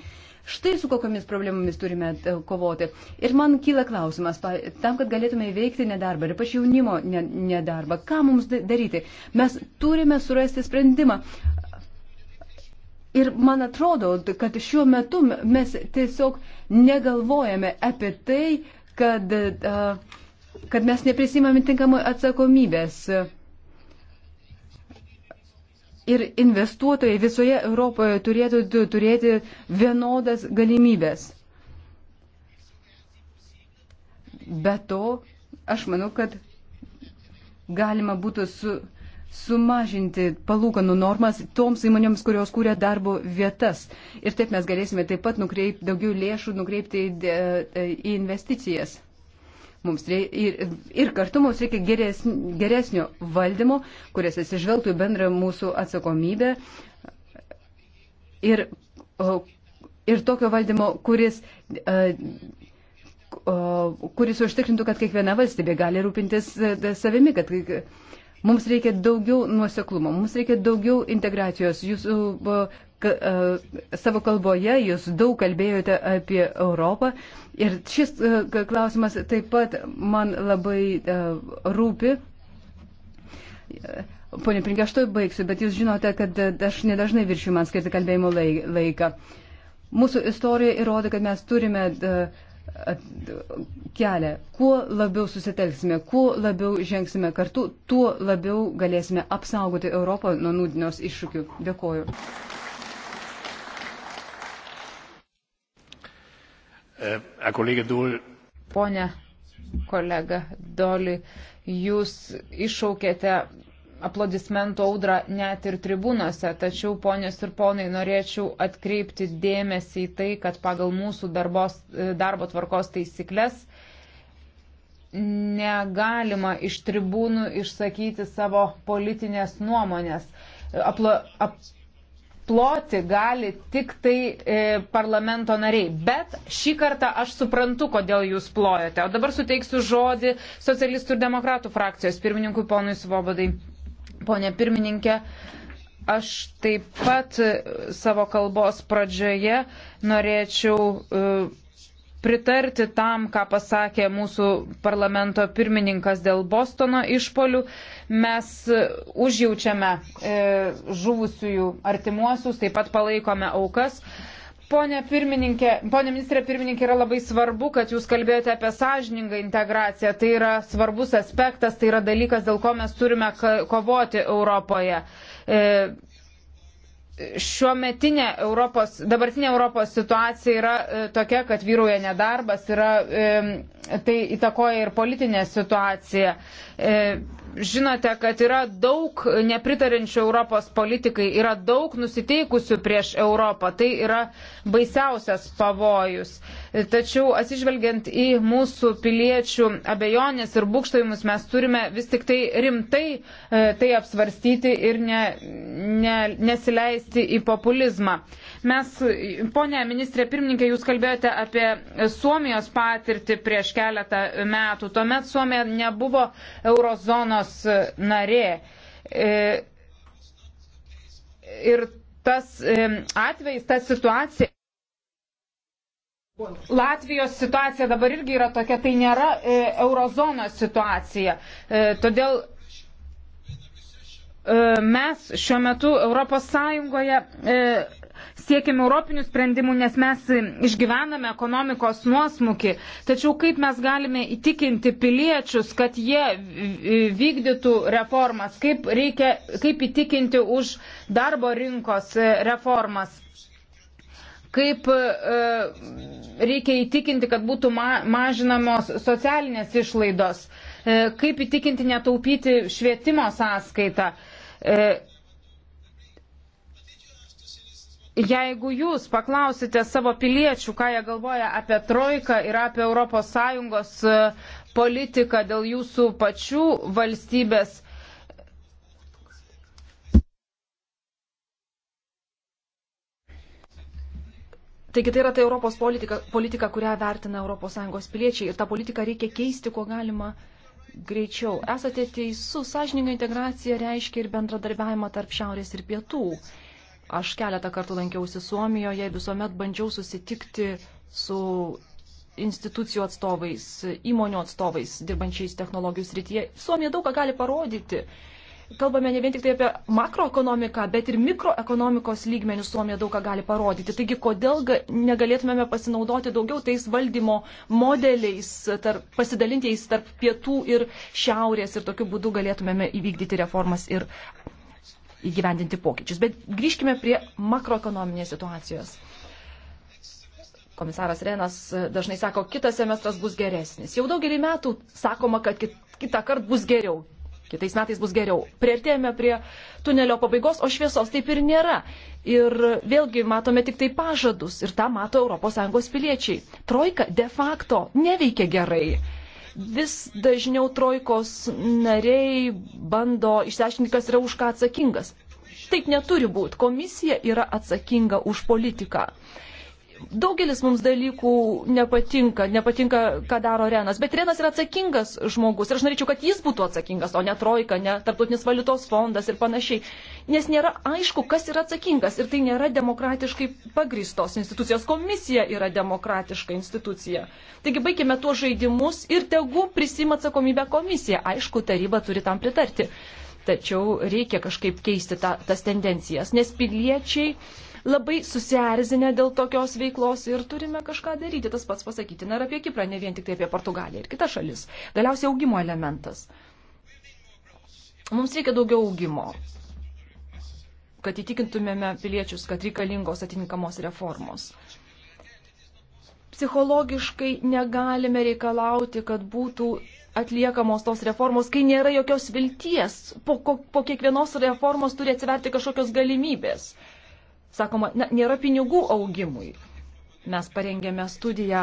Štai su kokiamis problemomis turime e, kovoti. Ir man kyla klausimas, tam, kad galėtume įveikti nedarbą ir pač jaunimo nedarbą, ką mums daryti? Mes turime surasti sprendimą. Ir man atrodo, kad šiuo metu mes tiesiog negalvojame apie tai, kad, e, kad mes neprisimame tinkamai atsakomybės ir investuotojai visoje Europoje turėtų turėti vienodas galimybės. Be to, aš manau, kad galima būtų su, sumažinti palūkanų normas toms įmonėms, kurios kūrė darbo vietas. Ir taip mes galėsime taip pat nukreip, daugiau lėšų nukreipti į, į investicijas. Mums reikia, ir, ir kartu mums reikia geresnio, geresnio valdymo, kuris atsižvelgtų į bendrą mūsų atsakomybę ir, ir tokio valdymo, kuris, kuris užtikrintų, kad kiekviena valstybė gali rūpintis e, savimi, kad Mums reikia daugiau nuoseklumo, mums reikia daugiau integracijos. Jūsų E, savo kalboje jūs daug kalbėjote apie Europą ir šis e, klausimas taip pat man labai e, rūpi. Pone Prinkė, aš to baigsiu, bet jūs žinote, kad aš nedažnai viršiu man skirti kalbėjimo laiką. Mūsų istorija įrodo, kad mes turime kelią. Kuo labiau susitelksime, kuo labiau žengsime kartu, tuo labiau galėsime apsaugoti Europą nuo nūdienos iššūkių. Dėkoju. Herr Kollege Duhl. Pone kolega Doli, jūs iššaukėte aplodismentų audrą net ir tribūnose, tačiau ponios ir ponai norėčiau atkreipti dėmesį į tai, kad pagal mūsų darbos, darbo tvarkos taisyklės negalima iš tribūnų išsakyti savo politinės nuomonės. Aplo, ap, ploti gali tik tai e, parlamento nariai. Bet šį kartą aš suprantu, kodėl jūs plojate. O dabar suteiksiu žodį socialistų ir demokratų frakcijos pirmininkui ponui Svobodai. Pone pirmininkė, aš taip pat e, savo kalbos pradžioje norėčiau. E, pritarti tam, ką pasakė mūsų parlamento pirmininkas dėl Bostono išpolių. Mes užjaučiame e, žuvusiųjų artimuosius, taip pat palaikome aukas. Pone, pone ministrė pirmininkė, yra labai svarbu, kad jūs kalbėjote apie sąžiningą integraciją. Tai yra svarbus aspektas, tai yra dalykas, dėl ko mes turime kovoti Europoje. E, šiuo metinė Europos, dabartinė Europos situacija yra e, tokia, kad vyrauja nedarbas, yra, e, tai įtakoja ir politinė situacija. E, žinote, kad yra daug nepritarinčių Europos politikai, yra daug nusiteikusių prieš Europą. Tai yra baisiausias pavojus. Tačiau atsižvelgiant į mūsų piliečių abejonės ir būkštojimus, mes turime vis tik tai rimtai e, tai apsvarstyti ir ne, ne, nesileisti į populizmą. Mes, ponė ministrė pirmininkė, jūs kalbėjote apie Suomijos patirtį prieš keletą metų. Tuomet Suomija nebuvo eurozonos narė. E, ir tas e, atvejs, ta situacija. Latvijos situacija dabar irgi yra tokia, tai nėra e, eurozonos situacija. E, todėl e, mes šiuo metu Europos Sąjungoje e, siekiame europinių sprendimų, nes mes išgyvename ekonomikos nuosmukį. Tačiau kaip mes galime įtikinti piliečius, kad jie vykdytų reformas, kaip, reikia, kaip įtikinti už darbo rinkos e, reformas kaip e, reikia įtikinti, kad būtų ma mažinamos socialinės išlaidos, e, kaip įtikinti netaupyti švietimo sąskaitą. E, Jeigu jūs paklausite savo piliečių, ką jie galvoja apie Trojką ir apie ES e, politiką dėl jūsų pačių valstybės, Taigi tai yra ta Europos politika, politika kurią vertina ES piliečiai ir tą politiką reikia keisti, kuo galima greičiau. Esate teisus, sąžininga integracija reiškia ir bendradarbiavimą tarp šiaurės ir pietų. Aš keletą kartų lankiausi Suomijoje, visuomet bandžiau susitikti su institucijų atstovais, įmonių atstovais, dirbančiais technologijų srityje. Suomija daug ką gali parodyti. Kalbame ne vien tik tai apie makroekonomiką, bet ir mikroekonomikos lygmenių Suomija daug ką gali parodyti. Taigi, kodėl negalėtumėme pasinaudoti daugiau tais valdymo modeliais, tarp, pasidalintiais tarp pietų ir šiaurės ir tokiu būdu galėtumėme įvykdyti reformas ir įgyvendinti pokyčius. Bet grįžkime prie makroekonominės situacijos. Komisaras Renas dažnai sako, kitas semestras bus geresnis. Jau daugelį metų sakoma, kad kitą kartą bus geriau. Kitais metais bus geriau. Prieartėjame prie tunelio pabaigos, o šviesos taip ir nėra. Ir vėlgi matome tik tai pažadus. Ir tą mato ES piliečiai. Trojka de facto neveikia gerai Vis dažniau trojkos nariai bando išsiaiškinti, kas yra už ką atsakingas. Taip neturi būti. Komisija yra atsakinga už politiką. Daugelis mums dalykų nepatinka, nepatinka, ką daro Renas, bet Renas yra atsakingas žmogus ir aš norėčiau, kad jis būtų atsakingas, o ne Trojka, ne Tartutinis valiutos fondas ir panašiai. Nes nėra aišku, kas yra atsakingas ir tai nėra demokratiškai pagristos institucijos. Komisija yra demokratiška institucija. Taigi baigime tuos žaidimus ir tegu prisima atsakomybę komisija. Aišku, taryba turi tam pritarti. Tačiau reikia kažkaip keisti ta, tas tendencijas, nes piliečiai labai susierzinę dėl tokios veiklos ir turime kažką daryti. Tas pats pasakyti ir apie Kiprą, ne vien tik tai apie Portugaliją ir kitas šalis. Galiausiai augimo elementas. Mums reikia daugiau augimo, kad įtikintumėme piliečius, kad reikalingos atitinkamos reformos psichologiškai negalime reikalauti, kad būtų atliekamos tos reformos, kai nėra jokios vilties. Po, po kiekvienos reformos turi atsiverti kažkokios galimybės sakoma, na, nėra pinigų augimui. Mes parengėme studiją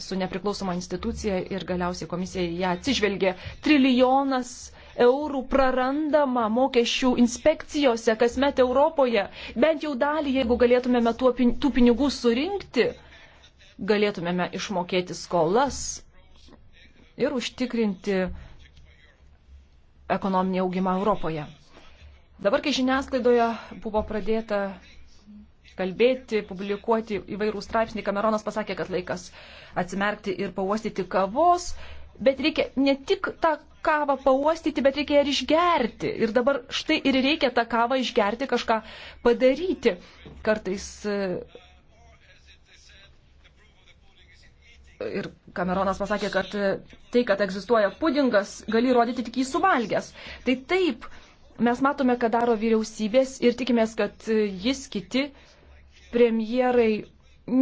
su nepriklausoma institucija ir galiausiai komisija ją atsižvelgė. Trilijonas eurų prarandama mokesčių inspekcijose kasmet Europoje. Bent jau dalį, jeigu galėtumėme tuo, tų pinigų surinkti, galėtumėme išmokėti skolas ir užtikrinti ekonominį augimą Europoje. Dabar, kai žiniasklaidoje buvo pradėta kalbėti, publikuoti įvairų straipsnį. Kameronas pasakė, kad laikas atsimerkti ir pauostyti kavos, bet reikia ne tik tą kavą pauostyti, bet reikia ir išgerti. Ir dabar štai ir reikia tą kavą išgerti, kažką padaryti. Kartais e, ir Kameronas pasakė, kad e, tai, kad egzistuoja pudingas, gali rodyti tik jį suvalgęs. Tai taip, mes matome, ką daro vyriausybės ir tikimės, kad e, jis kiti premjerai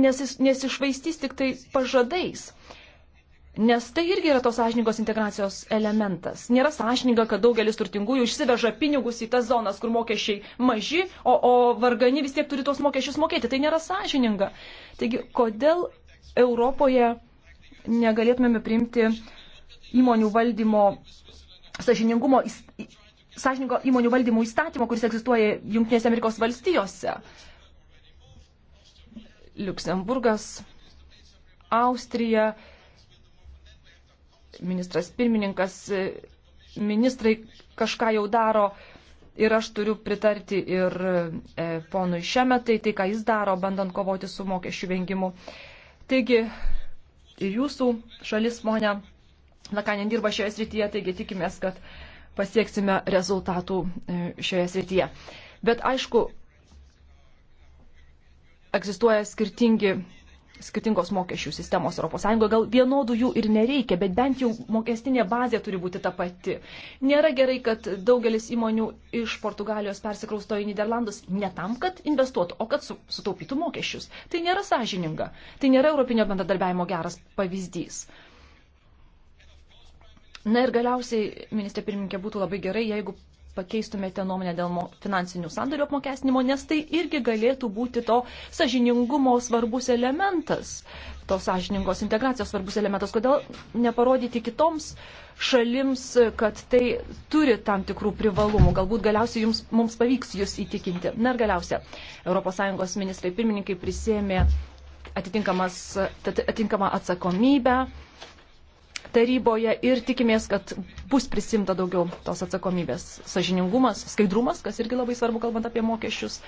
nesis, nesišvaistys tik tai pažadais. Nes tai irgi yra tos sąžiningos integracijos elementas. Nėra sąžininga, kad daugelis turtingųjų išsiveža pinigus į tas zonas, kur mokesčiai maži, o, o vargani vis tiek turi tuos mokesčius mokėti. Tai nėra sąžininga. Taigi, kodėl Europoje negalėtumėme priimti įmonių valdymo sąžiningumo, sąžiningo įmonių valdymo įstatymo, kuris egzistuoja Junktinėse Amerikos valstijose? Uh, Liuksemburgas, Austrija, ministras pirmininkas, ministrai kažką jau daro ir aš turiu pritarti ir e, ponui Šemetai, tai ką jis daro, bandant kovoti su mokesčių vengimu. Taigi, ir jūsų šalis, ponia Lakanien, dirba šioje srityje, taigi tikimės, kad pasieksime rezultatų e, šioje srityje. Bet aišku, egzistuoja skirtingi, skirtingos mokesčių sistemos ES, gal vienodų jų ir nereikia, bet bent jau mokestinė bazė turi būti ta pati. Nėra gerai, kad daugelis įmonių iš Portugalijos persikrausto į Niderlandus ne tam, kad investuotų, o kad su, sutaupytų mokesčius. Tai nėra sąžininga, tai nėra Europinio bendradarbiavimo geras pavyzdys. Na ir galiausiai, ministrė pirmininkė, būtų labai gerai, jeigu pakeistumėte nuomonę dėl finansinių sandorių apmokestinimo, nes tai irgi galėtų būti to sažiningumo svarbus elementas, tos sažiningos integracijos svarbus elementas. Kodėl neparodyti kitoms šalims, kad tai turi tam tikrų privalumų? Galbūt galiausiai jums, mums pavyks jūs įtikinti. Na ir galiausia, ES ministrai pirmininkai prisėmė atitinkamą atsakomybę taryboje ir tikimės, kad bus prisimta daugiau tos atsakomybės. Sažiningumas, skaidrumas, kas irgi labai svarbu, kalbant apie mokesčius.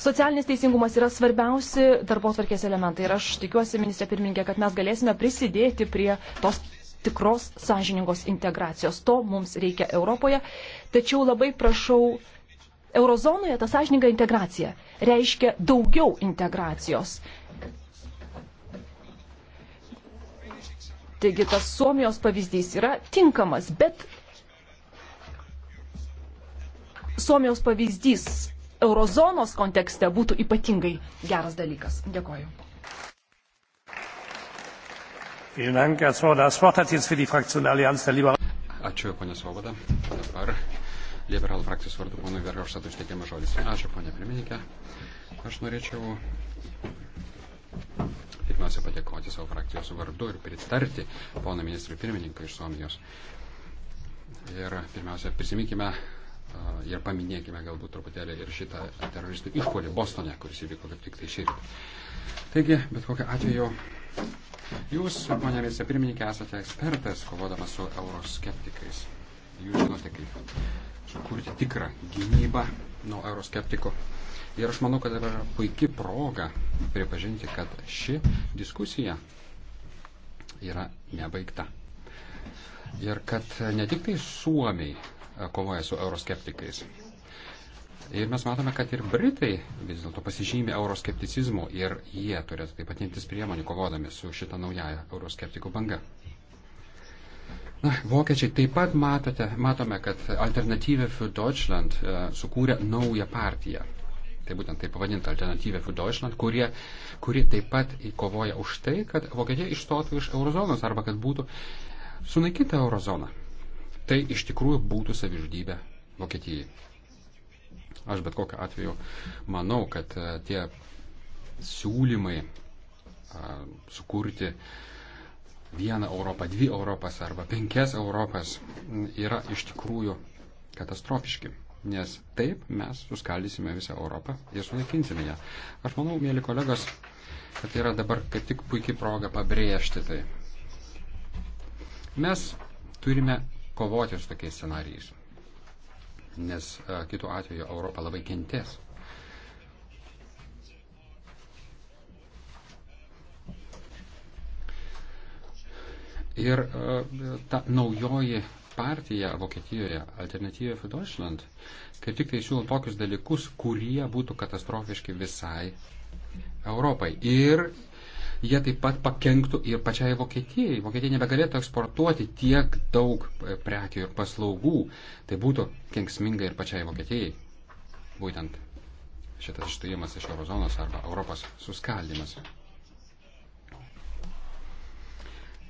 Socialinis teisingumas yra svarbiausi darbo tvarkės elementai ir aš tikiuosi, ministrė pirmininkė, kad mes galėsime prisidėti prie tos tikros sąžiningos integracijos. To mums reikia Europoje. Tačiau labai prašau Eurozonoje ta sąžininga integracija reiškia daugiau integracijos. Taigi tas Suomijos pavyzdys yra tinkamas, bet Suomijos pavyzdys eurozonos kontekste būtų ypatingai geras dalykas. Dėkoju. Ačiū, ponė Svoboda. Dabar liberalų frakcijos vardu ponui Verhofštatui išteikiamas žodis. Ačiū, ponė pirmininkė. Aš norėčiau pirmiausia padėkoti savo frakcijos vardu ir pritarti pono ministrui pirmininkui iš Suomijos. Ir pirmiausia, prisiminkime ir paminėkime galbūt truputėlį ir šitą teroristų išpolį Bostone, kuris įvyko kaip tik tai šįryt. Taigi, bet kokiu atveju, jūs, ponia vicepirmininkė, esate ekspertas, kovodamas su euroskeptikais. Jūs žinote, kaip sukurti tikrą gynybą nuo euroskeptikų. Ir aš manau, kad dabar yra puikia proga pripažinti, kad ši diskusija yra nebaigta. Ir kad ne tik tai suomiai e, kovoja su euroskeptikais. Ir mes matome, kad ir Britai vis dėlto pasižymė euroskepticizmu ir jie turėtų taip pat imtis priemonių kovodami su šita naujaja euroskeptikų banga. Na, vokiečiai taip pat matote, matome, kad Alternative für Deutschland uh, sukūrė naują partiją tai būtent taip pavadinta alternatyvė für Deutschland, kurie, kuri taip pat kovoja už tai, kad Vokietija išstotų iš eurozonos arba kad būtų sunaikinta eurozona. Tai iš tikrųjų būtų savižudybė Vokietijai. Aš bet kokiu atveju manau, kad e, tie siūlymai a, e, sukurti vieną Europą, dvi Europas arba penkias Europas yra iš tikrųjų katastrofiški nes taip mes suskaldysime visą Europą ir sunaikinsime ją. Aš manau, mėly kolegos, kad tai yra dabar kaip tik puikiai proga pabrėžti tai. Mes turime kovoti su tokiais scenarijais, nes a, e, kitu atveju Europa labai kentės. Ir a, e, ta naujoji partija Vokietijoje, Alternatyvė für Deutschland, kaip tik tai siūlo tokius dalykus, kurie būtų katastrofiški visai Europai. Ir jie taip pat pakenktų ir pačiai Vokietijai. Vokietija nebegalėtų eksportuoti tiek daug e, prekių ir paslaugų. Tai būtų kenksminga ir pačiai Vokietijai. Būtent šitas išstojimas iš eurozonos arba Europos suskaldimas.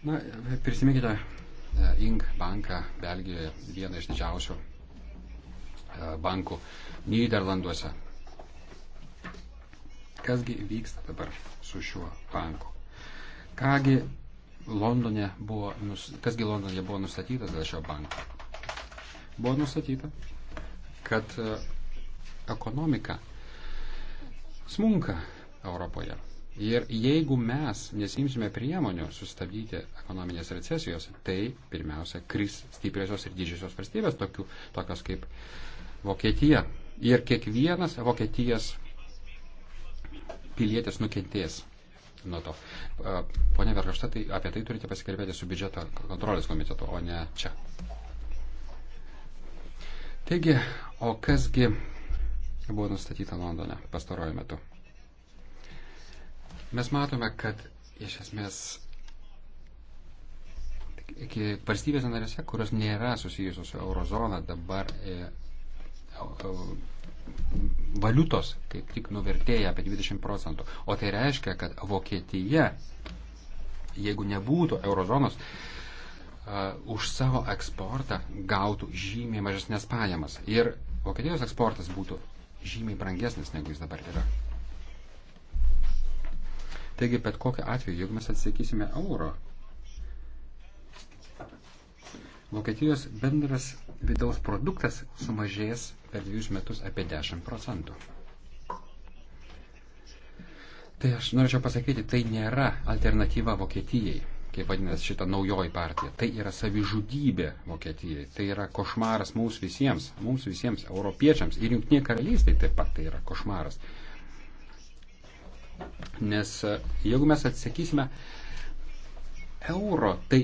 Na, prisiminkite Ing banką Belgijoje, vieną iš didžiausių e, bankų Niderlanduose. Kasgi vyksta dabar su šiuo banku? Kągi Londone buvo, kasgi Londone buvo nustatytas dėl šio banko? Buvo nustatyta, kad e, ekonomika smunka Europoje. Ir jeigu mes nesimsime priemonių sustabdyti ekonominės recesijos, tai pirmiausia kris stipriosios ir didžiosios valstybės, tokių, tokios kaip Vokietija. Ir kiekvienas Vokietijos pilietis nukentės nuo to. Pone Vergašta, tai apie tai turite pasikalbėti su biudžeto kontrolės komitetu, o ne čia. Taigi, o kasgi buvo nustatyta Londone pastaruoju metu? Mes matome, kad iš esmės valstybės narėse, kurios nėra susijusios su eurozona, dabar e, e, e valiutos kaip tik nuvertėja apie 20 procentų. O tai reiškia, kad Vokietija, jeigu nebūtų eurozonos, e, už savo eksportą gautų žymiai mažesnės pajamas. Ir Vokietijos eksportas būtų žymiai brangesnis, negu jis dabar yra. Taigi, bet kokiu atveju, jeigu mes atsakysime euro, Vokietijos bendras vidaus produktas sumažės per dviejus metus apie 10 procentų. Tai aš norėčiau pasakyti, tai nėra alternatyva Vokietijai, kaip vadinasi šita naujoji partija. Tai yra savižudybė Vokietijai, tai yra košmaras mums visiems, mums visiems europiečiams ir jungtinė karalystė taip pat tai yra košmaras. Nes e, jeigu mes atsakysime euro, tai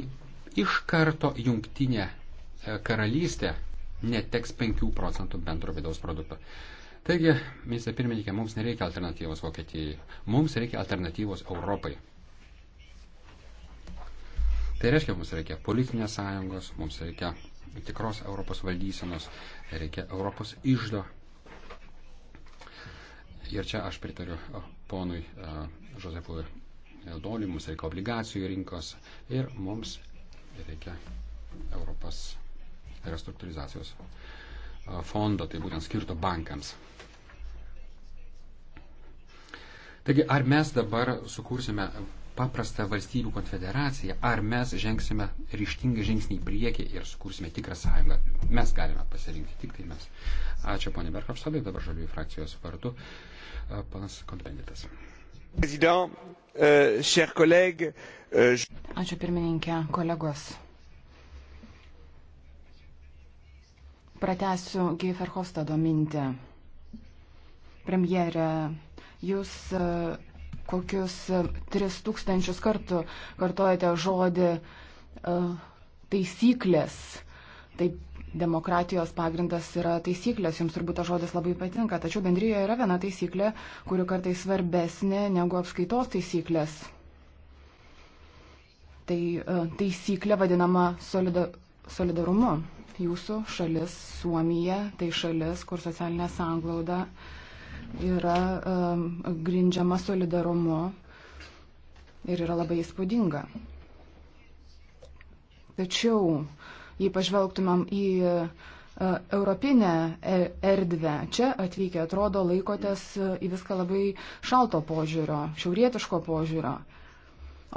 iš karto jungtinė e, karalystė neteks 5 procentų bendro vidaus produkto. Taigi, ministrė pirmininkė, mums nereikia alternatyvos Vokietijai, mums reikia alternatyvos Europai. Tai reiškia, mums reikia politinės sąjungos, mums reikia tikros Europos valdysenos, reikia Europos išdo Ir čia aš pritariu ponui Josefui Doliui, mums reikia obligacijų rinkos ir mums reikia Europos restruktūrizacijos fondo, tai būtent skirto bankams. Taigi, ar mes dabar sukursime paprastą valstybių konfederaciją, ar mes žengsime ryštingą žingsnį į priekį ir sukursime tikrą sąjungą. Mes galime pasirinkti, tik tai mes. Ačiū, ponė Berkapsovė, dabar žaliųjų frakcijos vardu, panas Konbenditas. E, e, Ačiū pirmininkė, kolegos. Pratesiu Geiferhostado mintį. Premjerė, jūs uh, kokius 3000 e, kartų kartojate žodį e, taisyklės. Taip, demokratijos pagrindas yra taisyklės, jums turbūt tas žodis labai patinka, tačiau bendryje yra viena taisyklė, kuri kartai svarbesnė negu apskaitos taisyklės. Tai e, taisyklė vadinama solida, solidarumu. Jūsų šalis, Suomija, tai šalis, kur socialinė sanglauda yra grindžiama solidarumu ir yra labai įspūdinga. Tačiau, jei pažvelgtumėm į e, europinę e, erdvę, čia atvykę atrodo laikotės e, į viską labai šalto požiūrio, šiaurietiško požiūrio.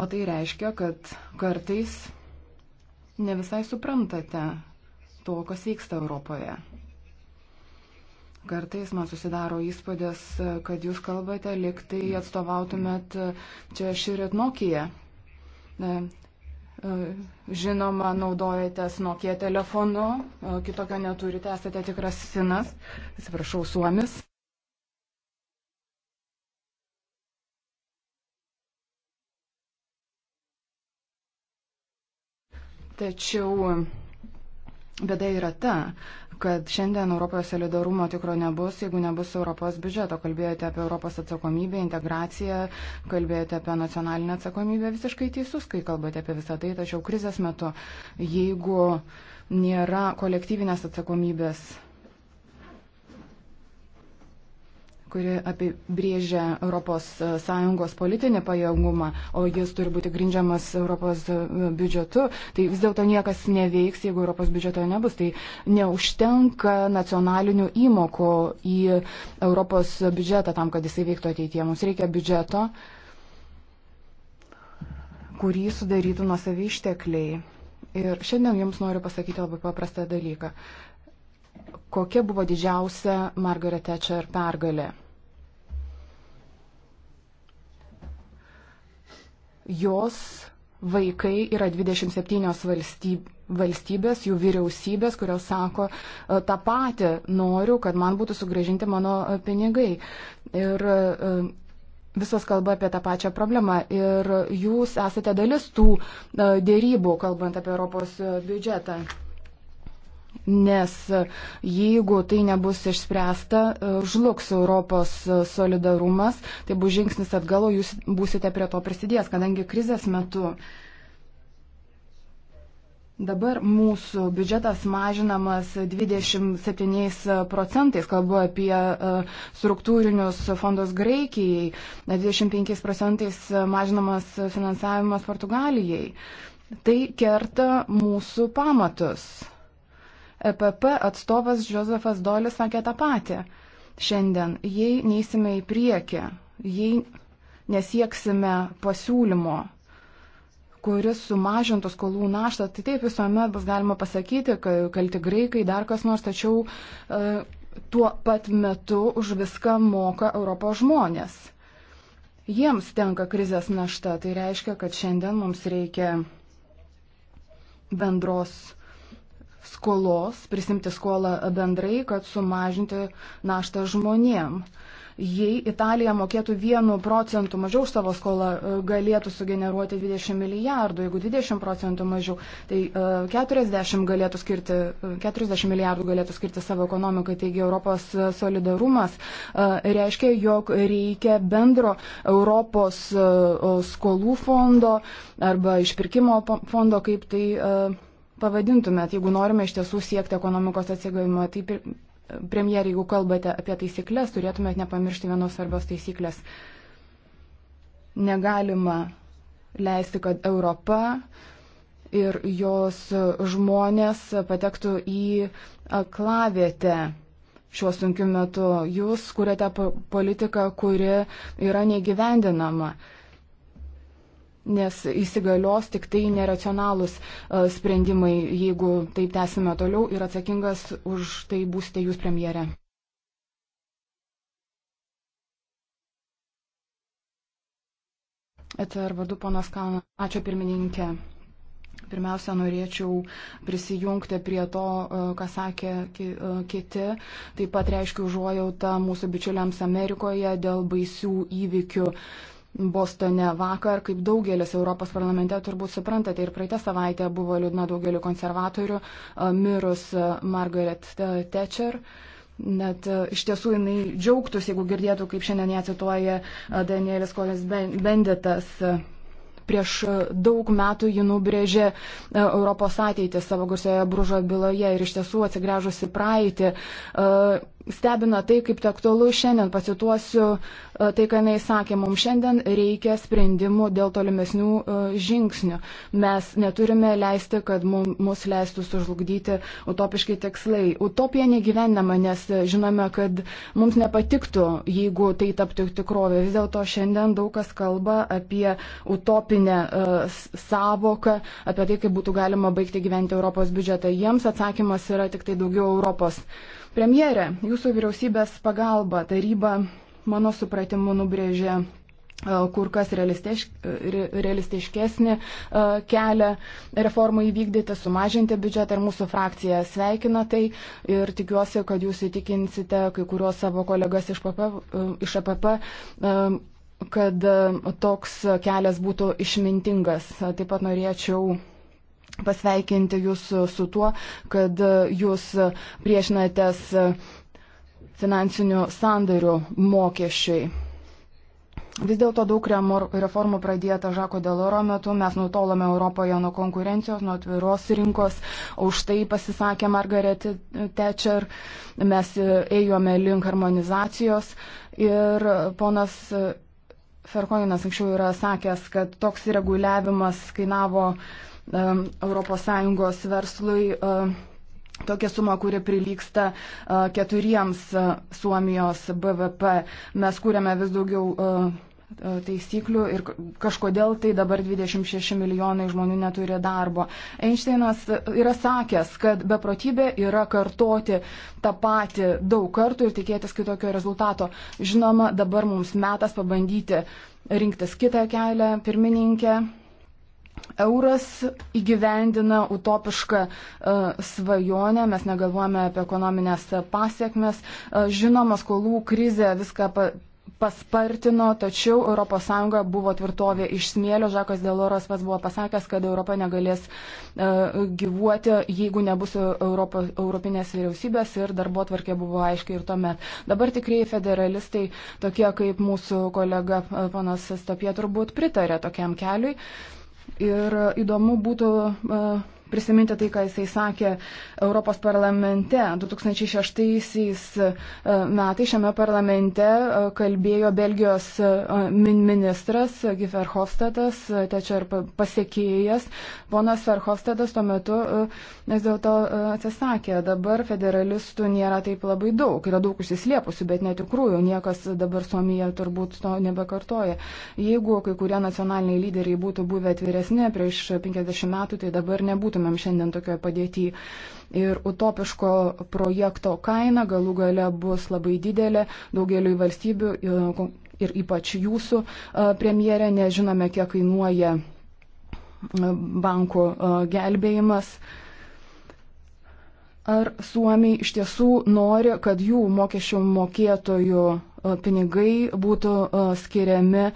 O tai reiškia, kad kartais ne visai suprantate to, kas vyksta Europoje. Kartais man susidaro įspūdis, kad jūs kalbate, lyg tai atstovautumėt čia širit Nokiją. E, žinoma, naudojatės Nokia telefonu, e, kitokio neturite, esate tikras sinas, atsiprašau, suomis. Tačiau bėda yra ta, kad šiandien Europoje solidarumo tikro nebus, jeigu nebus Europos biudžeto. Kalbėjote apie Europos atsakomybę, integraciją, kalbėjote apie nacionalinę atsakomybę. Visiškai teisus, kai kalbate apie visą tai, tačiau krizės metu, jeigu nėra kolektyvinės atsakomybės kuri apibrėžia ES politinį pajėgumą, o jis turi būti grindžiamas ES biudžetu, tai vis dėlto niekas neveiks, jeigu ES biudžeto nebus. Tai neužtenka nacionalinių įmokų į ES biudžetą tam, kad jisai veiktų ateityje. Mums reikia biudžeto kurį sudarytų nuosavi ištekliai. Ir šiandien jums noriu pasakyti labai paprastą dalyką kokia buvo didžiausia Margaret Thatcher pergalė jos vaikai yra 27 valstyb, valstybės, jų vyriausybės, kurios sako e, tą patį, noriu, kad man būtų sugražinti mano e, pinigai. Ir e, visos kalba apie tą pačią problemą. Ir jūs esate dalis tų dėrybų, kalbant apie Europos biudžetą nes jeigu tai nebus išspręsta, e, žlugs Europos solidarumas, tai bus žingsnis atgal, o jūs būsite prie to prisidės, kadangi krizės metu Dabar mūsų biudžetas mažinamas 27 procentais, kalbu apie e, struktūrinius fondus Graikijai, 25 procentais mažinamas finansavimas Portugalijai. Tai kerta mūsų pamatus. EPP atstovas Josefas Dolis sakė tą patį. Šiandien, jei neįsime į priekį, jei nesieksime pasiūlymo, kuris sumažintų skolų naštą, tai taip visuomet bus galima pasakyti, kad kalti greikai, dar kas nors, tačiau e, tuo pat metu už viską moka Europos žmonės. Jiems tenka krizės našta, tai reiškia, kad šiandien mums reikia bendros skolos, prisimti skolą bendrai, kad sumažinti naštą žmonėm. Jei Italija mokėtų 1 procentų mažiau už savo skolą, e, galėtų sugeneruoti 20 milijardų, jeigu 20 procentų mažiau, tai 40, e, galėtų skirti, 40 e, milijardų galėtų skirti savo ekonomikai. Taigi Europos solidarumas reiškia, jog reikia bendro Europos skolų fondo arba išpirkimo fondo, kaip tai pavadintumėt, jeigu norime iš tiesų siekti ekonomikos atsigavimo, tai premjerė, jeigu kalbate apie taisyklės, turėtumėt nepamiršti vienos svarbios taisyklės. Negalima leisti, kad Europa ir jos žmonės patektų į klavietę šiuo sunkiu metu. Jūs kuriate politiką, kuri yra negyvendinama nes įsigalios tik tai neracionalūs e, sprendimai, jeigu taip tęsime toliau ir atsakingas už tai būsite jūs premjerė. ECR vardu ponas Kalna. Ačiū pirmininkė. Pirmiausia, norėčiau prisijungti prie to, e, ką sakė e, kiti. Taip pat reiškiu užuojautą mūsų bičiuliams Amerikoje dėl baisių įvykių Bostone vakar, kaip daugelis Europos parlamente turbūt suprantate, ir praeitą savaitę buvo liūdna daugeliu konservatorių mirus Margaret Thatcher. Net iš tiesų jinai džiaugtųsi, jeigu girdėtų, kaip šiandien ją cituoja Danielis Kolis Benditas. Prieš daug metų ji nubrėžė Europos ateitį savo garsioje Bružo byloje ir iš tiesų atsigręžusi praeitį. Uh, stebina tai, kaip tai aktualu šiandien. Pacituosiu e, tai, ką jinai sakė, mums šiandien reikia sprendimų dėl tolimesnių e, žingsnių. Mes neturime leisti, kad mus leistų sužlugdyti utopiški tikslai. Utopija negyvenama, nes žinome, kad mums nepatiktų, jeigu tai taptų tikrovė. Vis dėlto šiandien daug kas kalba apie utopinę e, savoką, apie tai, kaip būtų galima baigti gyventi Europos biudžetą. Jiems atsakymas yra tik tai daugiau Europos. Thank you Premjerė, jūsų vyriausybės pagalba taryba, mano supratimu, nubrėžė e, kur kas realistiš, e, realistiškesnį e, kelią reformą įvykdyti, sumažinti biudžetą ir mūsų frakcija sveikina tai ir tikiuosi, kad jūs įtikinsite kai kuriuos savo kolegas iš, PP, iš APP kad toks kelias būtų išmintingas. Taip pat norėčiau pasveikinti jūs su tuo, kad jūs priešinatės finansinių sandarių mokesčiai. Vis dėlto daug reformų pradėta Žako Deloro metu, mes nutolome Europoje nuo konkurencijos, nuo atviros rinkos, už tai pasisakė Margaret Thatcher, mes ėjome link harmonizacijos ir ponas Ferkoinas anksčiau yra sakęs, kad toks reguliavimas kainavo uh, Um, ES verslui um, tokią sumą, kuri prilyksta uh, keturiems uh, Suomijos BVP. Mes kūrėme vis daugiau uh, taisyklių ir kažkodėl tai dabar 26 milijonai žmonių neturi darbo. Einšteinas yra sakęs, kad beprotybė yra kartoti tą patį daug kartų ir tikėtis kitokio rezultato. Žinoma, dabar mums metas pabandyti rinktis kitą kelią, pirmininkę. Euras įgyvendina utopišką e, svajonę, mes negalvojame apie ekonominės pasiekmes. E, žinoma, skolų krizė viską paspartino, tačiau ES buvo tvirtovė iš smėlio. Žakas Deloras pats buvo pasakęs, kad Europa negalės e, gyvuoti, jeigu nebus Europo, Europinės vyriausybės ir darbo tvarkė buvo aiškiai ir tuomet. Dabar tikrieji federalistai, tokie kaip mūsų kolega panas Stopė, turbūt pritarė tokiam keliui. Ir įdomu būtų e, prisiminti tai, ką jisai sakė Europos parlamente. 2006 e, metais šiame parlamente e, kalbėjo Belgijos e, ministras Giferhofstadas, tečia ir pasiekėjas. Ponas Verhofstadas tuo metu vis dėlto atsisakė. Dabar federalistų nėra taip labai daug. Yra daug užsislėpusių, bet netikrųjų. Niekas dabar Suomija turbūt to nebekartoja. Jeigu kai kurie nacionaliniai lyderiai būtų buvę atviresni prieš 50 metų, tai dabar nebūtų nebūtumėm šiandien tokioje padėtyje. Ir utopiško projekto kaina galų gale bus labai didelė daugeliu valstybių ir ypač jūsų premjerė, nežinome, kiek kainuoja bankų gelbėjimas ar suomiai iš tiesų nori, kad jų mokesčių mokėtojų pinigai būtų skiriami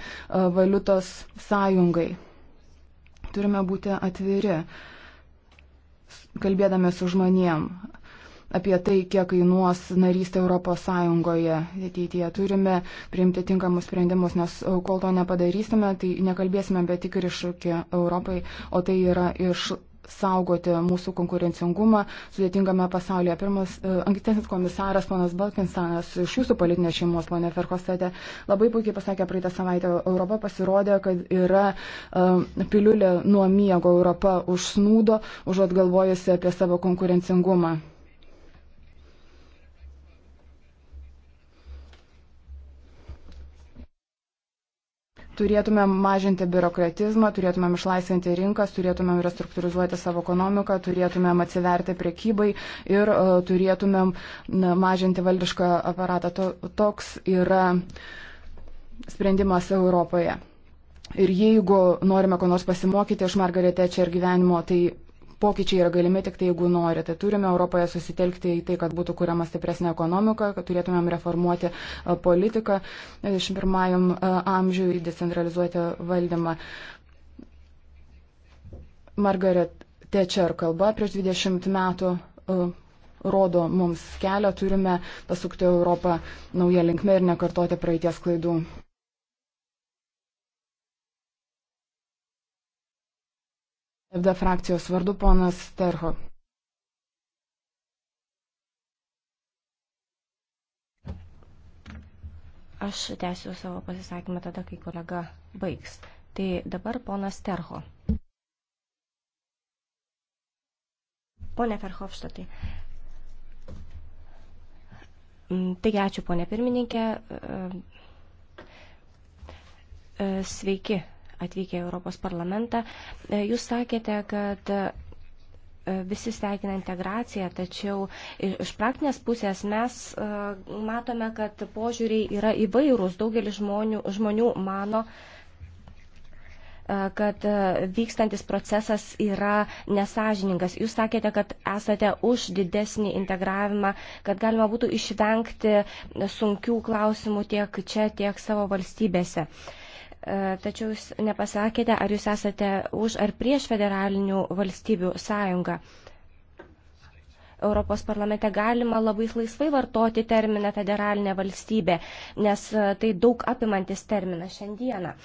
valiutos sąjungai. Turime būti atviri kalbėdami su žmonėm apie tai, kiek kainuos narystė Europos Sąjungoje ateityje. Turime priimti tinkamus sprendimus, nes e, kol to nepadarysime, tai nekalbėsime apie tik ir iššūkį Europai, o tai yra iš saugoti mūsų konkurencingumą sudėtingame pasaulyje. Pirmas, e, ankstesnis komisaras, ponas Balkinsanas, iš jūsų politinės šeimos, ponė Ferkostate, labai puikiai pasakė praeitą savaitę, Europa pasirodė, kad yra uh, piliulė nuo miego, Europa užsnūdo, užuot galvojusi apie savo konkurencingumą. turėtumėm mažinti biurokratizmą, turėtumėm išlaisvinti rinkas, turėtumėm restruktūrizuoti savo ekonomiką, turėtumėm atsiverti priekybai ir uh, turėtumėm na, mažinti valdišką aparatą. To, toks yra sprendimas Europoje. Ir jeigu norime ko nors pasimokyti iš Margaret Thatcher gyvenimo, tai pokyčiai yra galimi tik tai, jeigu nori. Tai turime Europoje susitelkti į tai, kad būtų kuriama stipresnė ekonomika, kad turėtumėm reformuoti politiką 21 e, amžiui, decentralizuoti valdymą. Margaret Thatcher kalba prieš 20 metų rodo mums kelią, turime pasukti Europą naują linkmę ir nekartoti praeities klaidų. FD frakcijos vardu ponas Terho. Aš tęsiu savo pasisakymą tada, kai kolega baigs. Tai dabar ponas Terho. Pone Ferhofštatai. Mm, taigi ačiū, ponė pirmininkė. E, e, sveiki, atvykę į Europos parlamentą. E, jūs sakėte, kad e, visi sveikina integraciją, tačiau iš praktinės pusės mes e, matome, kad požiūriai yra įvairūs. Daugelis žmonių, žmonių mano, kad vykstantis procesas yra nesažiningas. Jūs sakėte, kad esate už didesnį integravimą, kad galima būtų išvengti sunkių klausimų tiek čia, tiek savo valstybėse. Uh, E, tačiau jūs nepasakėte, ar jūs esate už ar prieš federalinių valstybių sąjungą. Europos parlamente galima labai laisvai vartoti terminą federalinė valstybė, nes e, tai daug apimantis terminas šiandieną.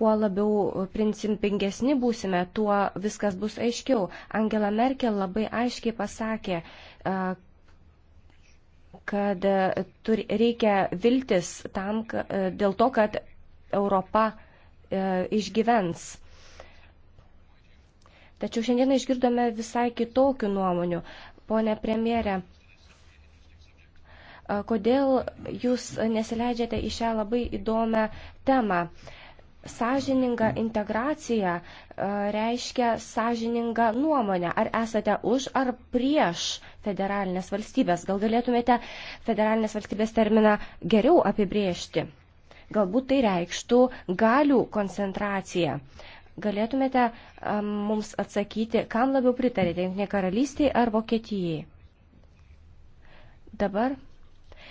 kuo labiau principingesni būsime, tuo viskas bus aiškiau. Angela Merkel labai aiškiai pasakė, uh, kad e, turi, reikia viltis tam, e, dėl to, kad Europa e, išgyvens. Tačiau šiandieną išgirdome visai kitokių nuomonių. Pone premjere, kodėl jūs nesileidžiate į šią labai įdomią temą? Sažininga integracija e, reiškia sažiningą nuomonę. Ar esate už ar prieš federalinės valstybės? Gal galėtumėte federalinės valstybės terminą geriau apibriežti? Galbūt tai reikštų galių koncentraciją. Galėtumėte um, mums atsakyti, kam labiau pritarėte, Junktinė karalystė ar Vokietijai? Dabar uh,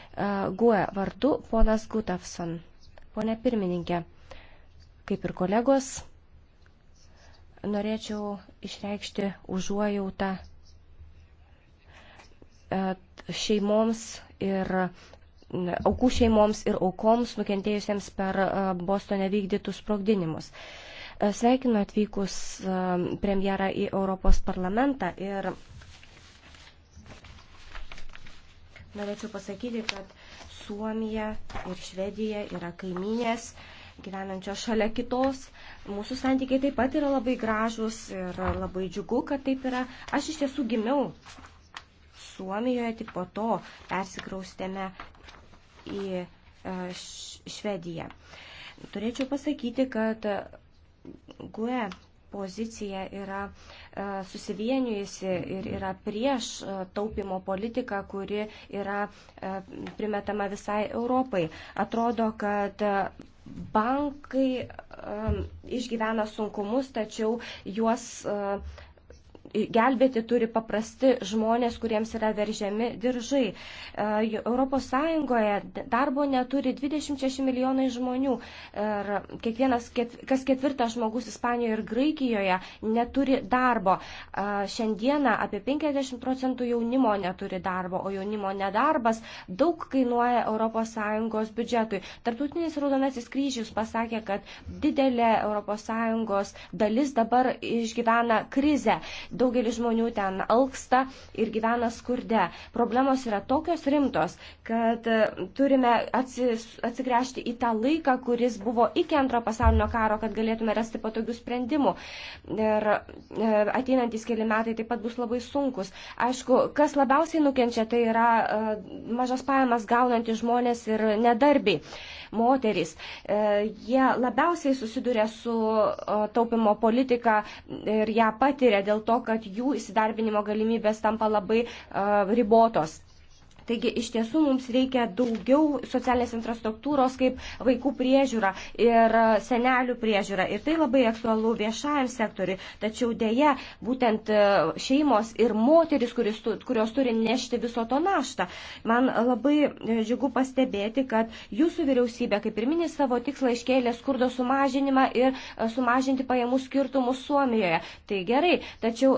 GUE vardu ponas Gutafson. Pone pirmininkė. Kaip ir kolegos, norėčiau išreikšti užuojautą e, šeimoms ir aukų šeimoms ir aukoms nukentėjusiems per e, Bostone vykdytus sprogdinimus. E, sveikinu atvykus premjerą į Europos parlamentą ir norėčiau pasakyti, kad Suomija ir Švedija yra kaiminės gyvenančios šalia kitos. Mūsų santykiai taip pat yra labai gražus ir labai džiugu, kad taip yra. Aš iš tiesų gimiau Suomijoje, tik po to persikraustėme į e, Švediją. Turėčiau pasakyti, kad GUE pozicija yra e, susivienijusi ir yra prieš e, taupimo politiką, kuri yra e, primetama visai Europai. Atrodo, kad bankai išgyvena sunkumus, tačiau juos gelbėti turi paprasti žmonės, kuriems yra veržiami diržai. ES darbo neturi 26 milijonai žmonių ir kiekvienas, kas ketvirtas žmogus Ispanijoje ir Graikijoje neturi darbo. E, šiandieną apie 50 procentų jaunimo neturi darbo, o jaunimo nedarbas daug kainuoja ES biudžetui. Tartutinis Raudonasis kryžius pasakė, kad didelė ES dalis dabar išgyvena krizę Daugelis žmonių ten alksta ir gyvena skurde. Problemos yra tokios rimtos, kad e, turime atsigręžti į tą laiką, kuris buvo iki antro pasaulinio karo, kad galėtume rasti patogių sprendimų. Ir e, ateinantys keli metai taip pat bus labai sunkus. Aišku, kas labiausiai nukenčia, tai yra e, mažas pajamas gaunantys žmonės ir nedarbiai moteris. E, jie labiausiai susiduria su taupimo politika ir ją patiria dėl to, kad jų įsidarbinimo galimybės tampa labai e, ribotos. Taigi iš tiesų mums reikia daugiau socialinės infrastruktūros kaip vaikų priežiūra ir senelių priežiūra. Ir tai labai aktualu viešajam sektoriui. Tačiau dėja, būtent e, šeimos ir moteris, kuris, kurios turi nešti viso to naštą. Man labai e, džiugu pastebėti, kad jūsų vyriausybė, kaip ir minė, savo tikslą iškėlė skurdo sumažinimą ir e, sumažinti pajamų skirtumus Suomijoje. Tai gerai, tačiau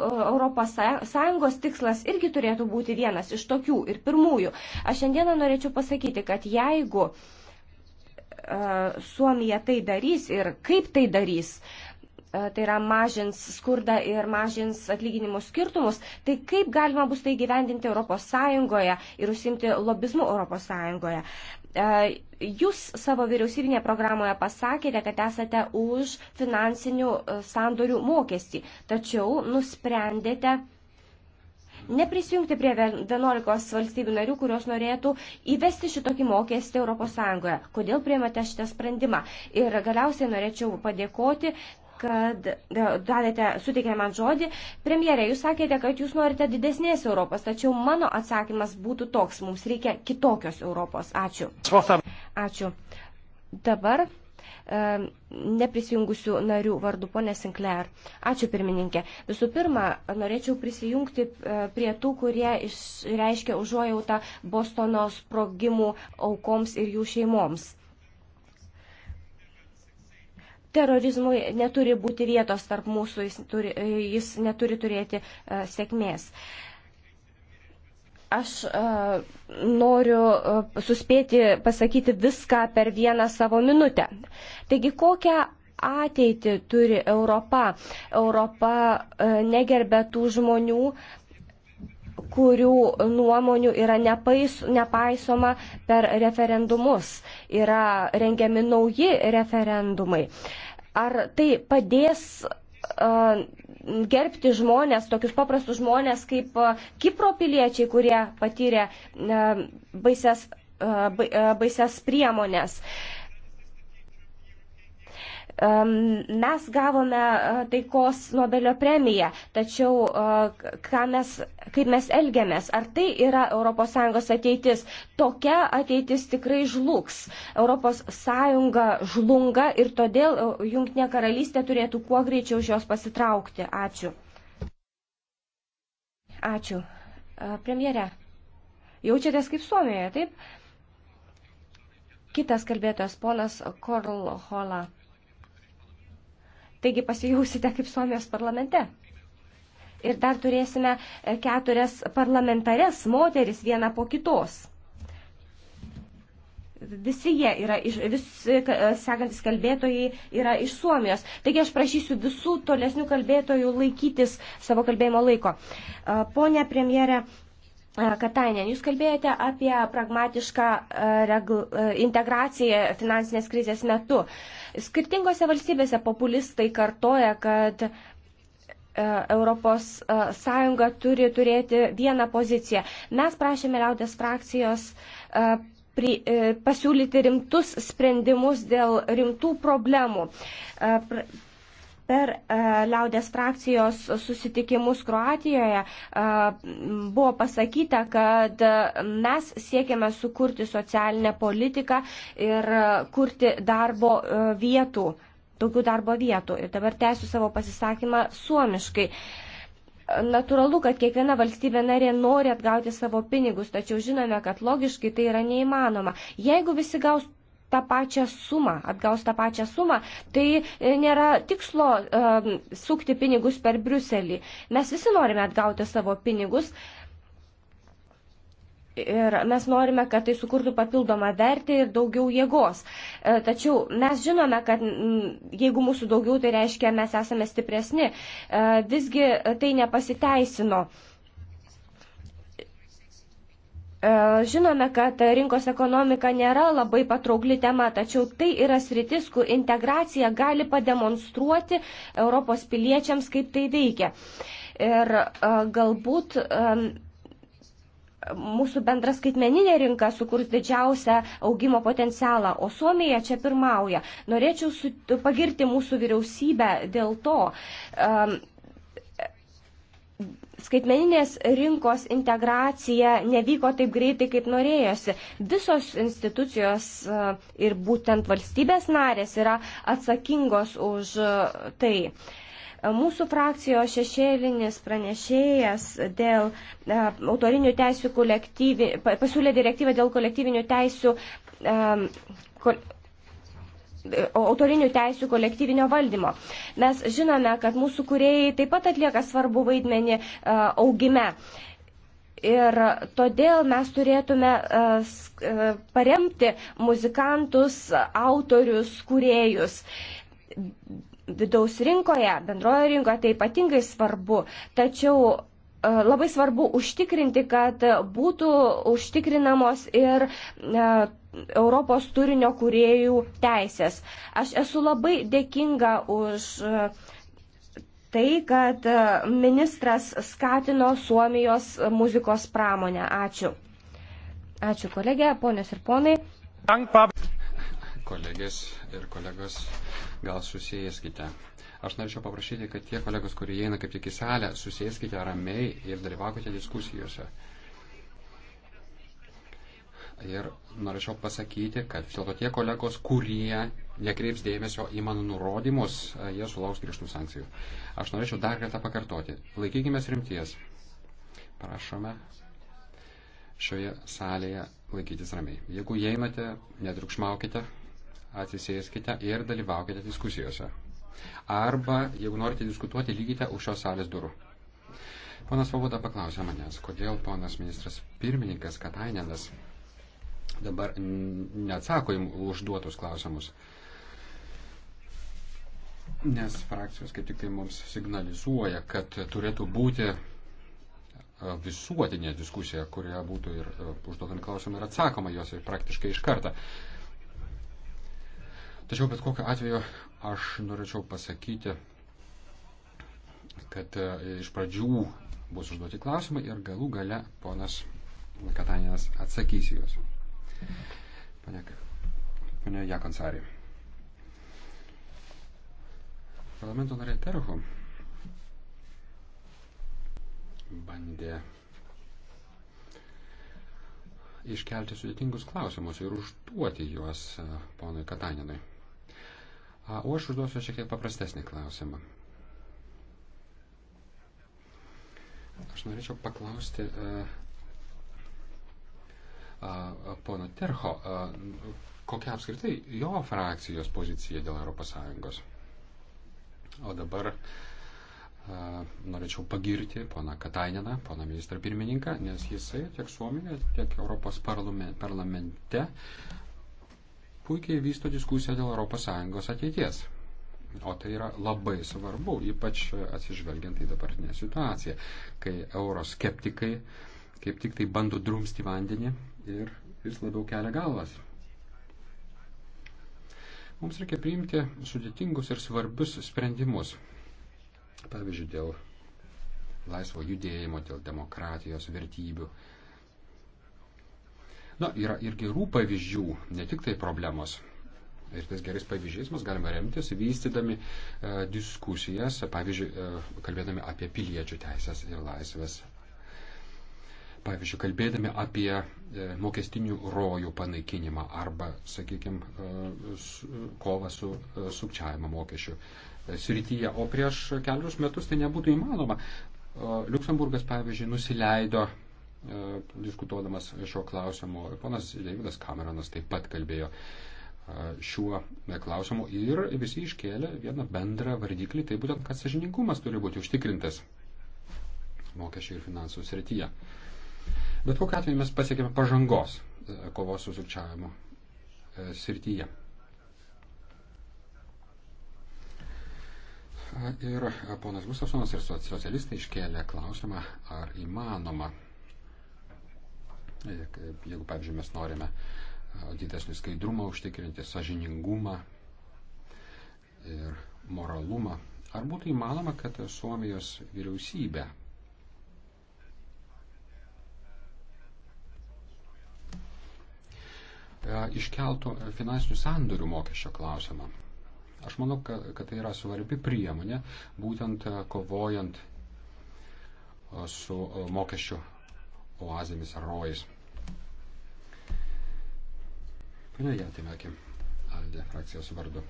ES tikslas irgi turėtų būti vienas iš tokių ir pirmųjų tikrųjų. Aš šiandieną norėčiau pasakyti, kad jeigu e, Suomija tai darys ir kaip tai darys, e, tai yra mažins skurdą ir mažins atlyginimų skirtumus, tai kaip galima bus tai gyvendinti ES ir užsimti lobizmu ES. E, jūs savo vyriausybinėje programoje pasakėte, kad esate už finansinių sandorių mokestį, tačiau nusprendėte neprisijungti prie 11 valstybių narių, kurios norėtų įvesti šitokį mokestį ES. Kodėl priemate šitą sprendimą? Ir galiausiai norėčiau padėkoti kad davėte, suteikė man žodį. Premjerė, jūs sakėte, kad jūs norite didesnės Europos, tačiau mano atsakymas būtų toks, mums reikia kitokios Europos. Ačiū. Ačiū. Dabar E, neprisijungusių narių vardu, ponė Sinclair. Ačiū pirmininkė. Visų pirma, norėčiau prisijungti e, prie tų, kurie reiškia užuojautą Bostono sprogimų aukoms ir jų šeimoms. Terorizmui neturi būti vietos tarp mūsų, jis, turi, jis neturi turėti uh, sėkmės. Uh, Aš uh, noriu uh, suspėti pasakyti viską per vieną savo minutę. Taigi, kokią ateitį turi Europa? Europa uh, e, negerbė tų žmonių, kurių nuomonių yra nepais, nepaisoma per referendumus, yra rengiami nauji referendumai. Ar tai padės uh, gerbti žmonės, tokius paprastus žmonės kaip e, Kipro piliečiai, kurie patyrė baises, baises e, e, priemonės. Mes gavome e, taikos Nobelio premiją, tačiau e, mes, kaip mes elgiamės, ar tai yra ES ateitis? Tokia ateitis tikrai žlugs. ES žlunga ir todėl e, Junktinė karalystė turėtų kuo greičiau iš jos pasitraukti. Ačiū. Ačiū. Premjere, jaučiatės kaip Suomijoje, taip? Kitas kalbėtojas, ponas Korl Hola. Taigi pasijausite kaip Suomijos parlamente. Ir dar turėsime e, keturias parlamentares moteris vieną po kitos. Visi jie yra, iš, visi e, e, sekantis kalbėtojai yra iš Suomijos. Taigi aš prašysiu visų tolesnių kalbėtojų laikytis savo kalbėjimo laiko. Pone premjere, Katainen, jūs kalbėjote apie pragmatišką integraciją finansinės krizės metu. Skirtingose valstybėse populistai kartoja, kad Europos Sąjunga turi turėti vieną poziciją. Mes prašėme liaudės frakcijos pri, e, pasiūlyti rimtus sprendimus dėl rimtų problemų. Pr Per e, liaudės frakcijos susitikimus Kroatijoje e, buvo pasakyta, kad mes siekiame sukurti socialinę politiką ir kurti darbo e, vietų, daugiau darbo vietų. Ir dabar tęsiu savo pasisakymą suomiškai natūralu, kad kiekviena valstybė narė nori atgauti savo pinigus, tačiau žinome, kad logiškai tai yra neįmanoma. Jeigu visi gaus tą pačią sumą, atgaus tą pačią sumą, tai e, nėra tikslo uh, sukti pinigus per Briuselį. Mes visi norime atgauti savo pinigus. Ir mes norime, kad tai sukurtų papildomą vertę ir daugiau jėgos. E, tačiau mes žinome, kad jeigu mūsų daugiau, tai reiškia, mes esame stipresni. E, visgi tai nepasiteisino. E, žinome, kad rinkos ekonomika nėra labai patraukli tema, tačiau tai yra sritis, kur integracija gali pademonstruoti Europos piliečiams, kaip tai veikia. Ir e, galbūt mūsų bendra skaitmeninė rinka sukurs didžiausią augimo potencialą, o Suomija čia pirmauja. Norėčiau su, pagirti mūsų vyriausybę dėl to. Um, skaitmeninės rinkos integracija nevyko taip greitai, kaip norėjosi. Visos institucijos e, ir būtent valstybės narės yra atsakingos už e, tai. Mūsų frakcijos šešėlinis pranešėjas dėl e, autorinių teisių kolektyvi, pasiūlė direktyvą dėl kolektyvinių teisių autorinių teisų kolektyvinio valdymo. Mes žinome, kad mūsų kuriejai taip pat atlieka svarbu vaidmenį e, augime. Ir todėl mes turėtume e, e, paremti muzikantus, autorius, kuriejus vidaus rinkoje, bendrojo rinkoje tai ypatingai svarbu, tačiau labai svarbu užtikrinti, kad būtų užtikrinamos ir Europos turinio kuriejų teisės. Aš esu labai dėkinga už e, tai, kad e, ministras skatino Suomijos muzikos pramonę. Ačiū. Ačiū kolegė, ponios ir ponai. Kolegės ir kolegos, gal susijęskite. Aš norėčiau paprašyti, kad tie kolegos, kurie įeina kaip tik į salę, susijęskite ramiai ir dalyvaukite diskusijose. Ir norėčiau pasakyti, kad vis dėlto tie kolegos, kurie nekreips dėmesio į mano nurodymus, e, jie sulauks griežtų sankcijų. Aš norėčiau dar kartą pakartoti. Laikykime rimties. Prašome šioje salėje laikytis ramiai. Jeigu einate, netrukšmaukite, atsisėskite ir dalyvaukite diskusijose. Arba, jeigu norite diskutuoti, lygite už šios salės durų. Ponas Pavoda paklausė manęs, kodėl ponas ministras pirmininkas Katainėnas dabar neatsako jums užduotus klausimus. Nes frakcijos kaip tik tai mums signalizuoja, kad turėtų būti visuotinė diskusija, kurioje būtų ir užduodami klausimai ir atsakoma juos ir praktiškai iš karto. Tačiau bet kokiu atveju aš norėčiau pasakyti, kad iš pradžių bus užduoti klausimai ir galų gale ponas Kataninas atsakys juos. Pane, pane Jakonsarė. Parlamento narė Terho bandė iškelti sudėtingus klausimus ir užduoti juos e, ponui Kataninui. O aš užduosiu šiek tiek paprastesnį klausimą. Aš norėčiau paklausti, e, pono Terho, kokia apskritai jo frakcijos pozicija dėl ES. O dabar a, norėčiau pagirti poną Kataineną, poną ministrą pirmininką, nes jisai tiek Suomijoje, tiek Europos parlamente puikiai vysto diskusiją dėl ES ateities. O tai yra labai svarbu, ypač atsižvelgiant į dabartinę situaciją, kai euroskeptikai kaip tik tai bando drumsti vandenį ir vis labiau kelia galvas. Mums reikia priimti sudėtingus ir svarbius sprendimus. Pavyzdžiui, dėl laisvo judėjimo, dėl demokratijos vertybių. Na, yra ir gerų pavyzdžių, ne tik tai problemos. Ir tais gerais pavyzdžiais mes galime remtis, vystydami e, diskusijas, pavyzdžiui, e, kalbėdami apie piliečių teisės ir laisvės Pavyzdžiui, kalbėdami apie e, mokestinių rojų panaikinimą arba, sakykime, kovą su e, sukčiavimo mokesčiu e, srityje, o prieš kelius metus tai nebūtų įmanoma. Liuksemburgas, pavyzdžiui, nusileido diskutuodamas šio klausimu. Ponas Davidas Kameronas taip pat kalbėjo šiuo klausimu ir visi iškėlė vieną bendrą vardiklį, tai būtent, kad sažiningumas turi būti užtikrintas mokesčių ir finansų srityje. Bet kokiu atveju mes pasiekėme pažangos e, kovos su sukčiavimu e, srityje. Ir e, ponas Gustafsonas ir socialistai iškėlė klausimą, ar įmanoma, jeigu, pavyzdžiui, mes norime didesnį skaidrumą užtikrinti, sažiningumą ir moralumą, ar būtų įmanoma, kad Suomijos vyriausybė E, iškeltų finansinių sandorių mokesčio klausimą. Aš manau, kad, kad tai yra svarbi priemonė, būtent e, kovojant e, su mokesčių oazėmis ar rojais. Pane Jatimekė, Aldė frakcijos vardu.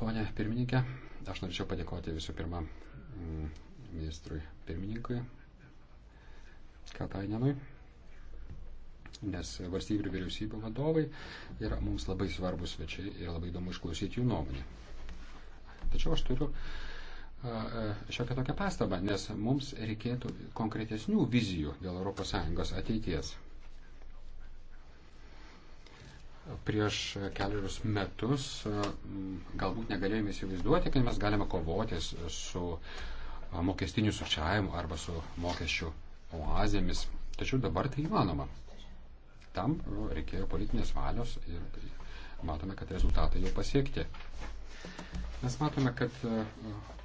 Pone pirmininkė, aš norėčiau padėkoti visų pirma mm, ministrui pirmininkui Katainenui nes valstybių ir vyriausybių vadovai yra mums labai svarbus svečiai ir labai įdomu išklausyti jų nuomonę. Tačiau aš turiu šiokią tokią pastabą, nes mums reikėtų konkretesnių vizijų dėl ES ateities. Prieš keliarius metus galbūt negalėjome įsivaizduoti, kad mes galime kovoti su mokestiniu sučiavimu arba su mokesčių oazėmis, tačiau dabar tai įmanoma. Tam reikėjo politinės valios ir matome, kad rezultatai jau pasiekti. Mes matome, kad e,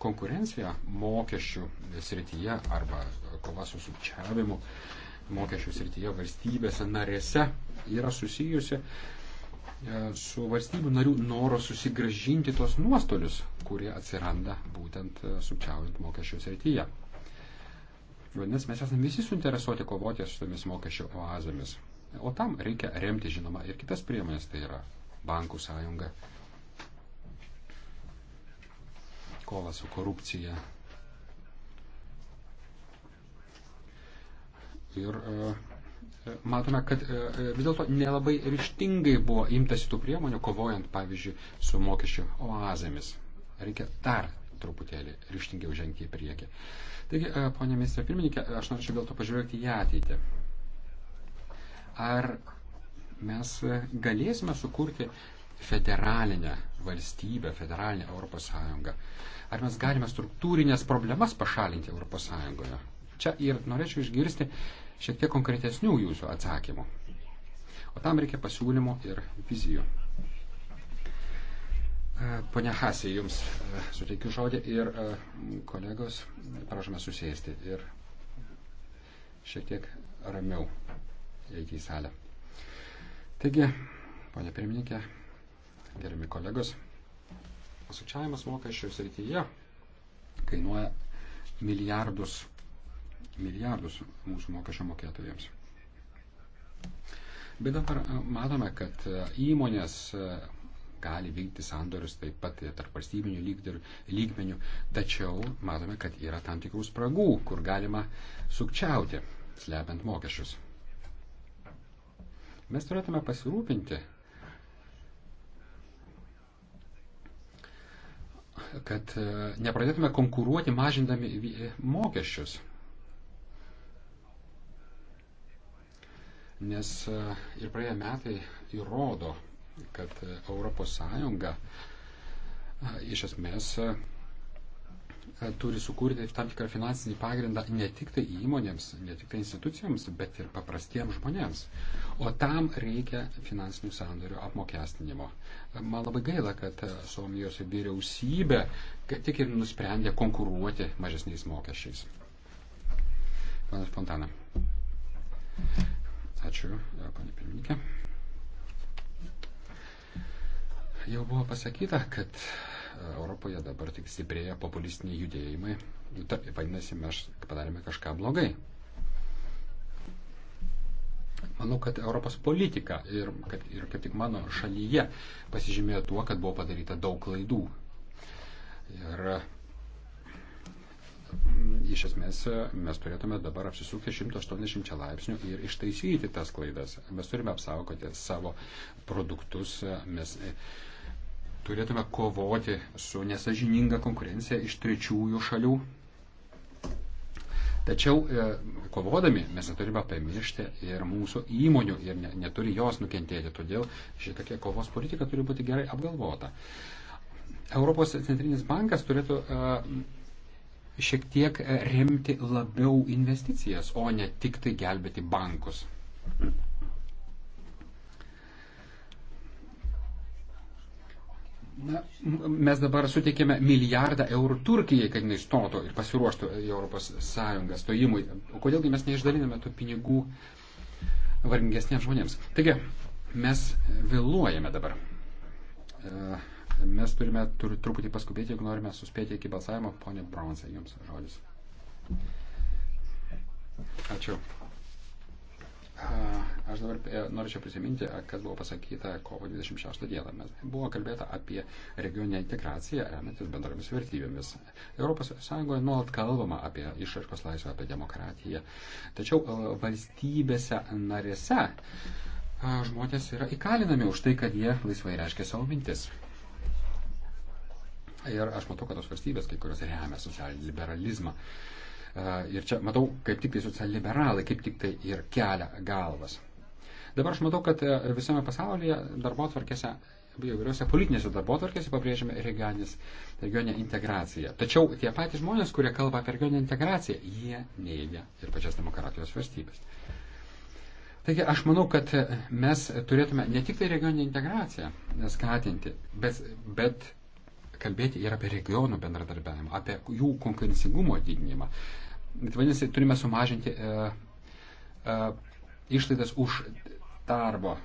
konkurencija mokesčių srityje arba kova su sukčiavimu mokesčių srityje valstybėse narėse yra susijusi e, su valstybių narių noro susigražinti tos nuostolius, kurie atsiranda būtent e, sukčiaujant mokesčių srityje. Vadinasi, mes esame visi suinteresuoti kovoti su tomis mokesčių oazėmis. O tam reikia remti, žinoma, ir kitas priemonės, tai yra bankų sąjunga, kova su korupcija. Ir e, matome, kad e, e, vis dėlto nelabai ryštingai buvo imtasi tų priemonių, kovojant, pavyzdžiui, su mokesčių oazėmis. Reikia dar truputėlį ryštingiau žengti į priekį. Taigi, e, ponė ministrė pirmininkė, aš norėčiau dėl to pažvelgti į ateitį ar mes galėsime sukurti federalinę valstybę, federalinę Europos Sąjungą. Ar mes galime struktūrinės problemas pašalinti Europos Sąjungoje? Čia ir norėčiau išgirsti šiek tiek konkretesnių jūsų atsakymų. O tam reikia pasiūlymų ir vizijų. E, Pone Hasė, jums e, suteikiu žodį ir e, kolegos, prašome susėsti ir šiek tiek ramiau įeiti į salę. Taigi, ponia pirmininkė, gerbiami kolegos, sukčiavimas mokesčių srityje kainuoja milijardus, milijardus mūsų mokesčio mokėtojams. Bet dabar e, matome, kad e, įmonės e, gali vykti sandorius taip pat tarp valstybinių lygmenių, tačiau matome, kad yra tam tikrų spragų, kur galima sukčiauti, slepiant mokesčius. Mes turėtume pasirūpinti, kad e, nepradėtume konkuruoti mažindami e, mokesčius. Nes e, ir praėję metai įrodo, kad ES iš esmės turi sukurti tam tikrą finansinį pagrindą ne tik tai įmonėms, ne tik tai institucijoms, bet ir paprastiems žmonėms. O tam reikia finansinių sandorių apmokestinimo. Man labai gaila, kad Suomijos vyriausybė tik ir nusprendė konkuruoti mažesniais mokesčiais. Panas Fontana. Ačiū, panė pirmininkė. Jau buvo pasakyta, kad Europoje dabar tik stiprėja populistiniai judėjimai. Nu, ta, vadinasi, mes padarėme kažką blogai. Manau, kad Europos politika ir kad, ir kad tik mano šalyje pasižymėjo tuo, kad buvo padaryta daug klaidų. Ir mm, iš esmės mes turėtume dabar apsisukti 180 laipsnių ir ištaisyti tas klaidas. Mes turime apsaugoti savo produktus, mes turėtume kovoti su nesažininga konkurencija iš trečiųjų šalių. Tačiau e, kovodami mes neturime pamiršti ir mūsų įmonių ir neturi jos nukentėti. Todėl šitokia kovos politika turi būti gerai apgalvota. Europos centrinis bankas turėtų e, šiek tiek remti labiau investicijas, o ne tik tai gelbėti bankus. Na, mes dabar suteikėme milijardą eurų Turkijai, kad jinai stotų ir pasiruoštų į ES stojimui. O kodėlgi mes neišdaliname tų pinigų vargingesniems žmonėms? Taigi, mes vėluojame dabar. E, mes turime tur, truputį paskubėti, jeigu norime suspėti iki balsavimo. Pone Bronsai, jums žodis. Ačiū. Aš dabar e, norėčiau prisiminti, kas buvo pasakyta kovo 26 dieną. Mes buvo kalbėta apie regioninę integraciją, remiantis bendromis vertybėmis. ES nuolat kalbama apie išraiškos laisvę, apie demokratiją. Tačiau e, valstybėse narėse žmonės yra įkalinami už tai, kad jie laisvai reiškia savo mintis. Ir aš matau, kad tos valstybės, kai kurios remia socialinį liberalizmą. Uh, Ir čia matau, kaip tik tai socialliberalai, kaip tik tai ir kelia galvas. Dabar aš matau, kad e, visame pasaulyje darbo atvarkėse, įvairiuose politinėse darbo atvarkėse pabrėžiame regionis, regioninę integraciją. Tačiau tie patys žmonės, kurie kalba apie regioninę integraciją, jie neigia ir pačias demokratijos valstybės. Taigi aš manau, kad e, mes turėtume ne tik tai regioninę integraciją skatinti, bet, bet kalbėti ir apie regionų bendradarbiavimą, apie jų konkurencingumo didinimą. Bet vadinasi, turime sumažinti e, e, išlaidas už darbo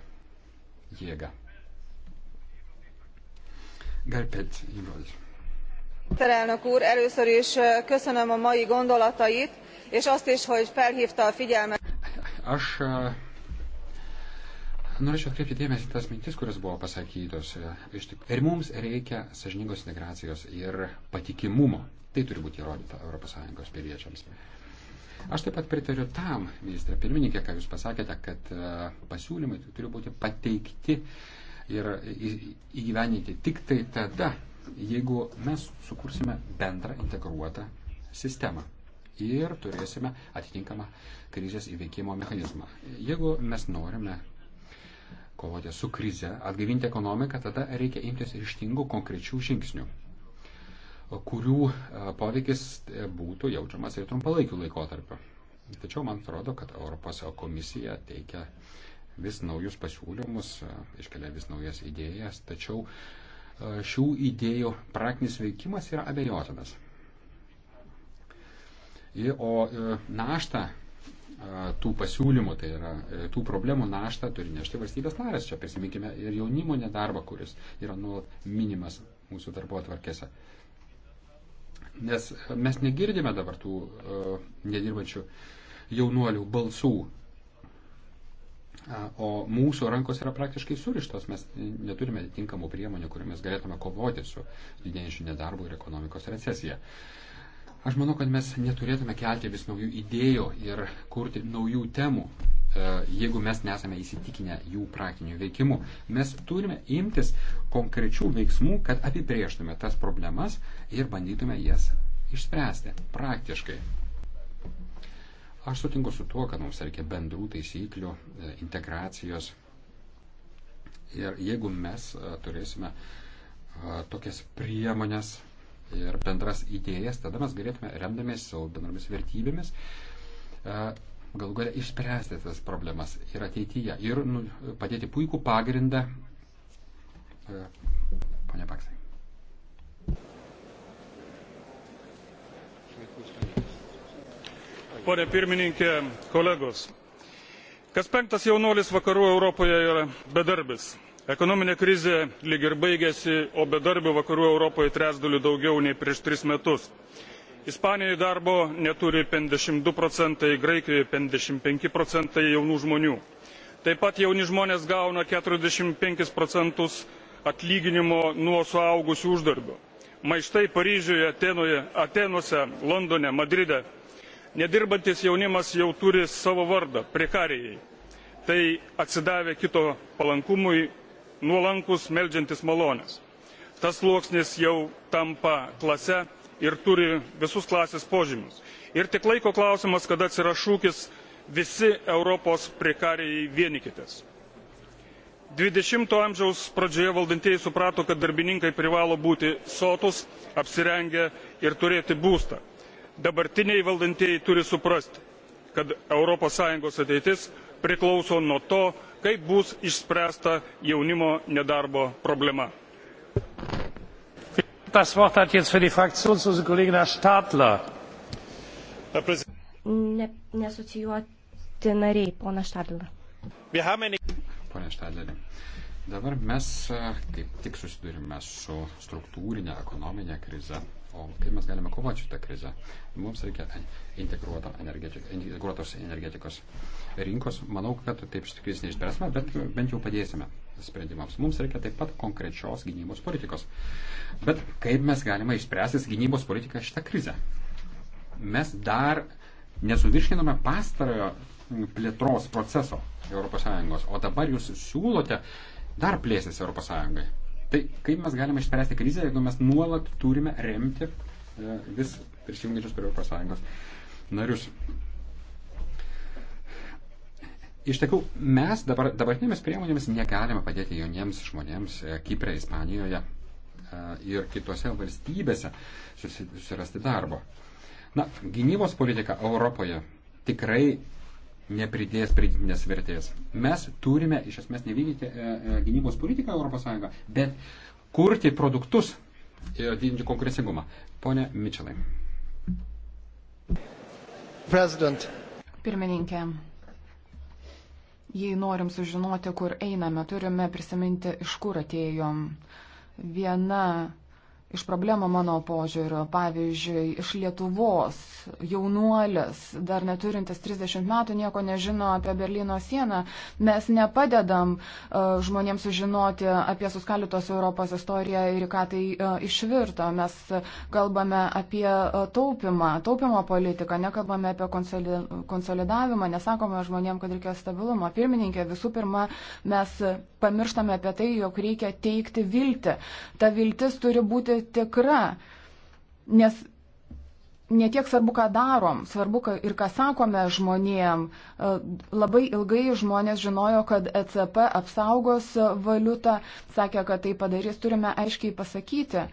jėgą. Garpet, įrodys. Terelnök úr, először is köszönöm a mai gondolatait, és azt is, hogy felhívta a figyelmet. Aš uh, Norėčiau atkreipti dėmesį tas mintis, kurios buvo pasakytos. E, ir mums reikia sažiningos integracijos ir patikimumo. Tai turi būti įrodyta ES piliečiams. Aš taip pat pritariu tam, ministrė pirmininkė, ką Jūs pasakėte, kad e, pasiūlymai turi būti pateikti ir įgyveninti tik tai tada, jeigu mes sukursime bendrą integruotą sistemą ir turėsime atitinkamą krizės įveikimo mechanizmą. Jeigu mes norime kovoti su krize, atgaivinti ekonomiką, tada reikia imtis ryštingų konkrečių žingsnių, kurių e, poveikis e, būtų jaučiamas ir trumpalaikiu laikotarpiu. Tačiau man atrodo, kad Europos komisija teikia vis naujus pasiūlymus, e, iškelia vis naujas idėjas, tačiau šių idėjų praktinis veikimas yra abejotinas. O naštą tų pasiūlymų, tai yra e, tų problemų naštą turi nešti valstybės narės. Čia prisiminkime ir jaunimo nedarbą, kuris yra nuolat minimas mūsų darbo atvarkėse. Nes mes negirdime dabar tų uh, nedirbančių jaunuolių balsų. Uh, o mūsų rankos yra praktiškai surištos, mes neturime atitinkamų priemonių, kuriomis galėtume kovoti su didėjančiu nedarbu ir ekonomikos recesija. Uh, Aš manau, kad mes neturėtume kelti vis naujų idėjų ir kurti naujų temų, e, jeigu mes nesame įsitikinę jų praktinių veikimų. Mes turime imtis konkrečių veiksmų, kad apibrieštume tas problemas ir bandytume jas išspręsti praktiškai. Aš sutinku su tuo, kad mums reikia bendrų taisyklių, e, integracijos. Ir jeigu mes e, turėsime tokias priemonės, ir bendras idėjas, tada mes galėtume, remdamės savo bendromis vertybėmis, e, galų galę išspręsti tas problemas ir ateityje ir nu, padėti puikų pagrindą. E, Pone Paksai. Pone pirmininkė, kolegos. Kas penktas jaunuolis vakarų Europoje yra bedarbis ekonominė krizė lyg ir baigėsi o bedarbių vakarų europoje trečdaliu daugiau nei prieš tris metus. ispanijoje darbo neturi penkiasdešimt du procentai graikijoje penkiasdešimt penki procentai jaunų žmonių. taip pat jauni žmonės gauna keturiasdešimt penkis procentus atlyginimo nuo suaugusių uždarbio. maištai paryžiuje atėnoje, atėnuose londone madride nedirbantis jaunimas jau turi savo vardą prekarijai tai atsidavę kito palankumui nuolankus melžiantis malonės. Tas sluoksnis jau tampa klase ir turi visus klasės požymius. Ir tik laiko klausimas, kada atsiras šūkis visi Europos prekarijai vienykitės. 20-ojo amžiaus pradžioje valdantieji suprato, kad darbininkai privalo būti sotus, apsirengę ir turėti būstą. Dabartiniai valdantieji turi suprasti, kad ES ateitis priklauso nuo to, kaip bus išspręsta jaunimo nedarbo problema. Ne, nesocijuoti nariai, pona Štadler. Pone Štadlerį, dabar mes e, kaip tik susidurime su struktūrinė ekonominė krize O kaip mes galime kovoti šitą krizę? Mums reikia integruoto energetikos, integruotos energetikos rinkos. Manau, kad taip šitą krizę neišspręsime, bet bent jau padėsime sprendimams. Mums reikia taip pat konkrečios gynybos politikos. Bet kaip mes galime išspręsti gynybos politiką šitą krizę? Mes dar nesuvirškinome pastarojo plėtros proceso ES, o dabar jūs siūlote dar plėsis ES. Tai kaip mes galime išspręsti krizę, jeigu mes nuolat turime remti e, vis prisijungiančius prie Europos Sąjungos narius. Iš tikrųjų, mes dabar, dabartinėmis priemonėmis negalime padėti jauniems žmonėms e, Kiprė, Ispanijoje e, ir kitose valstybėse susirasti darbo. Na, gynybos politika Europoje tikrai nepridės pridėtinės vertės. Mes turime iš esmės nevykdyti e, e, gynybos politiką ES, bet kurti produktus ir didinti konkurencingumą. Pone Mičelai. President. Pirmininkė, jei norim sužinoti, kur einame, turime prisiminti, iš kur atėjom. Viena iš problemų mano požiūrio. Pavyzdžiui, iš Lietuvos jaunuolis, dar neturintis 30 metų, nieko nežino apie Berlyno sieną. Mes nepadedam uh, žmonėms sužinoti apie suskalitos Europos istoriją ir ką tai uh, išvirto. Mes kalbame apie uh, taupimą, taupimo politiką, nekalbame apie konsoli konsolidavimą, nesakome žmonėms, kad reikia stabilumo. Pirmininkė, visų pirma, mes pamirštame apie tai, jog reikia teikti viltį. Ta viltis turi būti būti tikra, nes netiek svarbu, ką darom, svarbu ką ir ką sakome žmonėm. E, labai ilgai žmonės žinojo, kad ECP apsaugos valiutą, sakė, kad tai padarys, turime aiškiai pasakyti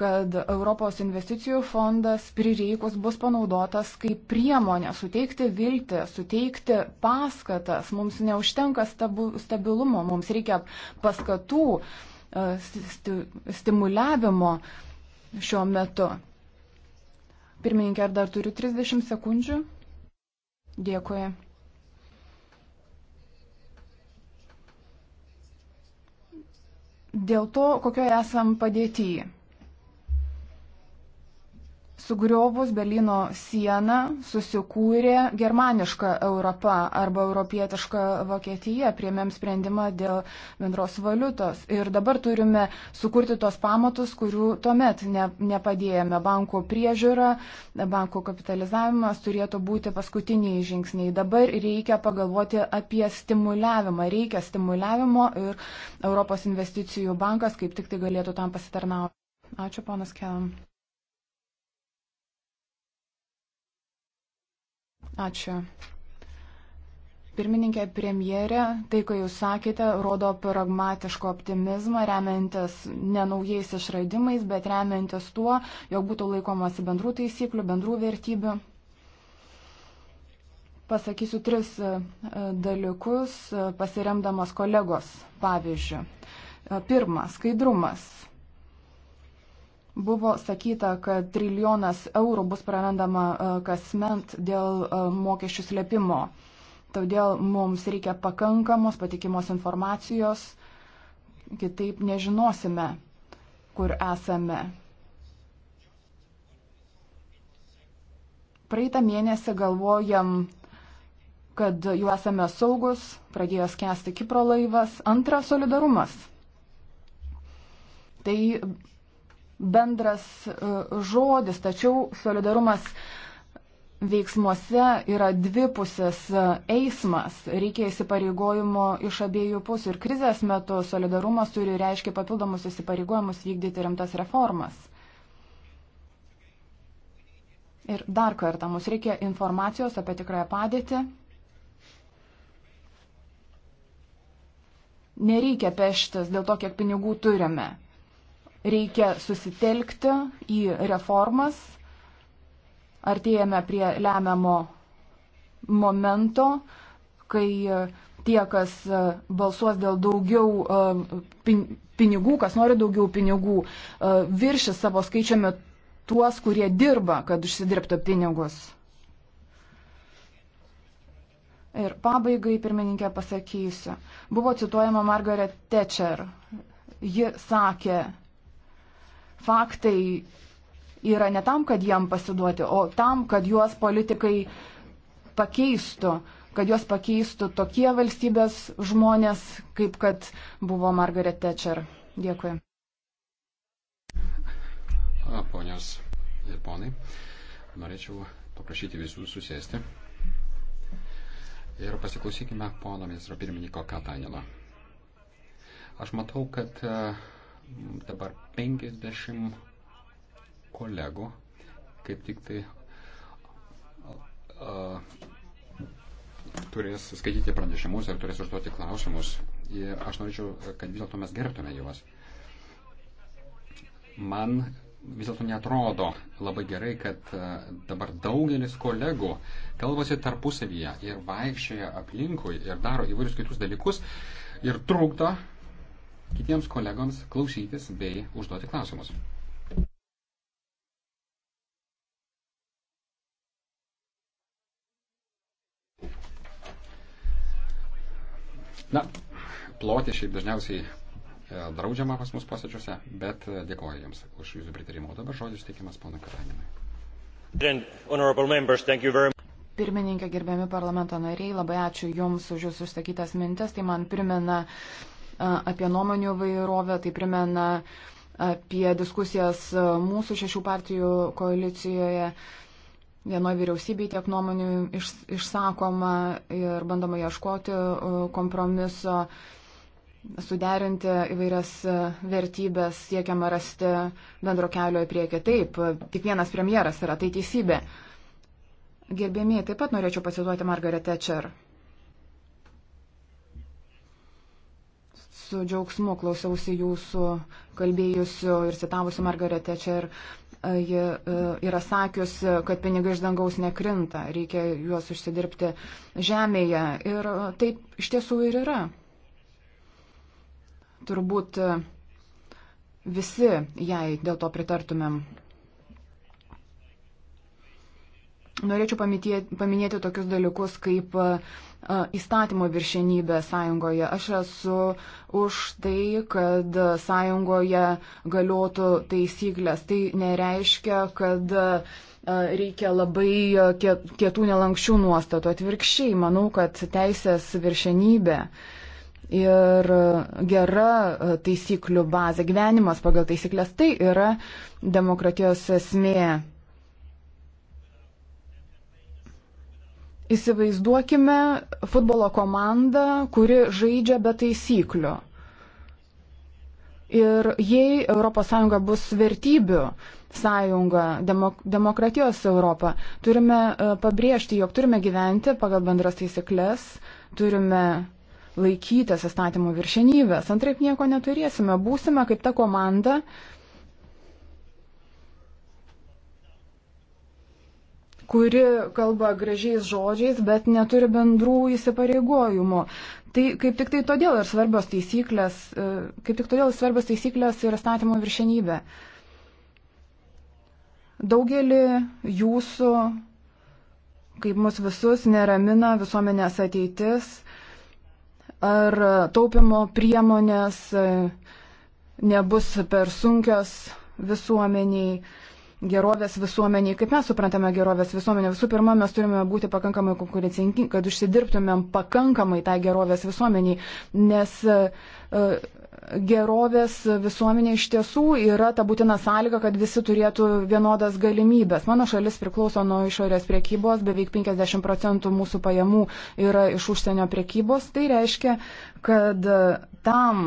kad Europos investicijų fondas prireikus bus panaudotas kaip priemonė suteikti viltį, suteikti paskatas. Mums neužtenka stabilumo, mums reikia paskatų. Uh, E, stimuliavimo šiuo metu. Pirmininkė, ar dar turiu 30 sekundžių? Dėkui. Dėl to, kokioje esam padėtyje. Sugriovus Berlyno sieną susikūrė germaniška Europa arba europietiška Vokietija, priemėm sprendimą dėl bendros valiutos. Ir dabar turime sukurti tos pamatus, kurių tuomet ne, nepadėjome. Bankų priežiūra, bankų kapitalizavimas turėtų būti paskutiniai žingsniai. Dabar reikia pagalvoti apie stimuliavimą. Reikia stimuliavimo ir Europos investicijų bankas kaip tik tai galėtų tam pasitarnauti. Ačiū, ponas Kelam. Ačiū. Pirmininkė premjerė, tai, ką jūs sakėte, rodo pragmatišką optimizmą, remiantis ne naujais išradimais, bet remiantis tuo, jog būtų laikomasi bendrų taisyklių, bendrų vertybių. Pasakysiu tris e, dalykus, e, pasiremdamas kolegos pavyzdžių. E, Pirmas - skaidrumas. Buvo sakyta, kad trilijonas eurų bus prarandama e, kasmet dėl e, mokesčių slėpimo. Todėl mums reikia pakankamos patikimos informacijos, kitaip nežinosime, kur esame. Praeitą mėnesį galvojam, kad jau esame saugus, pradėjo skęsti Kipro laivas. Antra - solidarumas. Tai bendras e, žodis, tačiau solidarumas veiksmuose yra dvipusis e, eismas, reikia įsipareigojimo iš abiejų pusių ir krizės metu solidarumas turi reiškia papildomus įsipareigojimus vykdyti rimtas reformas. Ir dar kartą, mums reikia informacijos apie tikrąją padėtį. Nereikia peštis dėl to, kiek pinigų turime. Reikia susitelkti į reformas. Artėjame prie lemiamo momento, kai tie, kas e, balsuos dėl daugiau e, pinigų, kas nori daugiau pinigų, e, viršis savo skaičiumi tuos, kurie dirba, kad užsidirbtų pinigus. Ir pabaigai, pirmininkė, pasakysiu. Buvo cituojama Margaret Thatcher. Ji sakė, faktai yra ne tam, kad jam pasiduoti, o tam, kad juos politikai pakeistų, kad juos pakeistų tokie valstybės žmonės, kaip kad buvo Margaret Thatcher. Dėkui. Ponios ir ponai, norėčiau paprašyti visų susėsti. Ir pasiklausykime pono ministro pirmininko Katanino. Aš matau, kad uh, dabar 50 kolegų kaip tik tai a, turės skaityti pranešimus ir turės užduoti klausimus. Ir aš norėčiau, kad vis dėlto mes gerbtume juos. Man vis dėlto netrodo labai gerai, kad dabar daugelis kolegų kalbasi tarpusavyje ir vaikščioja aplinkui ir daro įvairius kitus dalykus ir trukdo kitiems kolegoms klausytis bei užduoti klausimus. Na, ploti šiaip dažniausiai e, draudžiama pas mus posėdžiuose, bet e, dėkoju Jums už Jūsų pritarimą. O dabar žodis teikiamas pono Kataninui. Pirmininkė, gerbiami parlamento nariai, labai ačiū Jums už Jūsų išsakytas mintis. Tai man primena apie nuomonių vairovę, tai primena apie diskusijas mūsų šešių partijų koalicijoje. Vienoje vyriausybėje tiek nuomonių iš, išsakoma ir bandoma ieškoti kompromiso, suderinti įvairias vertybės, siekiama rasti bendro kelio į priekį. Taip, tik vienas premjeras yra, tai teisybė. Gerbėmiai, taip pat norėčiau pasiduoti Margaret Thatcher. su džiaugsmu klausiausi jūsų kalbėjusių ir citavusių Margaret Thatcher. Ji e, yra sakiusi, kad pinigai iš dangaus nekrinta, reikia juos užsidirbti žemėje. Ir e, taip iš tiesų ir yra. Turbūt e, visi jai dėl to pritartumėm. Norėčiau paminėti tokius dalykus kaip uh, E, įstatymo viršenybę sąjungoje. Aš esu už tai, kad sąjungoje galiotų taisyklės. Tai nereiškia, kad e, reikia labai kietų nelankščių nuostatų. Atvirkščiai, manau, kad teisės viršenybė ir gera e, taisyklių bazė, gyvenimas pagal taisyklės, tai yra demokratijos esmė. Įsivaizduokime futbolo komandą, kuri žaidžia be taisyklių. Ir jei ES bus vertybių sąjunga, demok demokratijos Europa, turime e, pabrėžti, jog turime gyventi pagal bendras taisyklės, turime laikytis įstatymų viršenybės, antraip nieko neturėsime, būsime kaip ta komanda, uh, kuri kalba gražiais žodžiais, bet neturi bendrų įsipareigojimų. Tai kaip tik tai todėl ir svarbios taisyklės, e, kaip tik todėl svarbios taisyklės yra statymo viršenybė. Daugelį jūsų, kaip mus visus, neramina visuomenės ateitis ar taupimo priemonės e, nebus per sunkios visuomeniai gerovės visuomeniai. Kaip mes suprantame gerovės visuomenę, visų pirma, mes turime būti pakankamai konkurencingi, kad užsidirbtumėm pakankamai tą tai gerovės visuomeniai, nes e, e, gerovės visuomenė iš tiesų yra ta būtina sąlyga, kad visi turėtų vienodas galimybės. Mano šalis priklauso nuo išorės priekybos, beveik 50 procentų mūsų pajamų yra iš užsienio priekybos. Tai reiškia, kad e, tam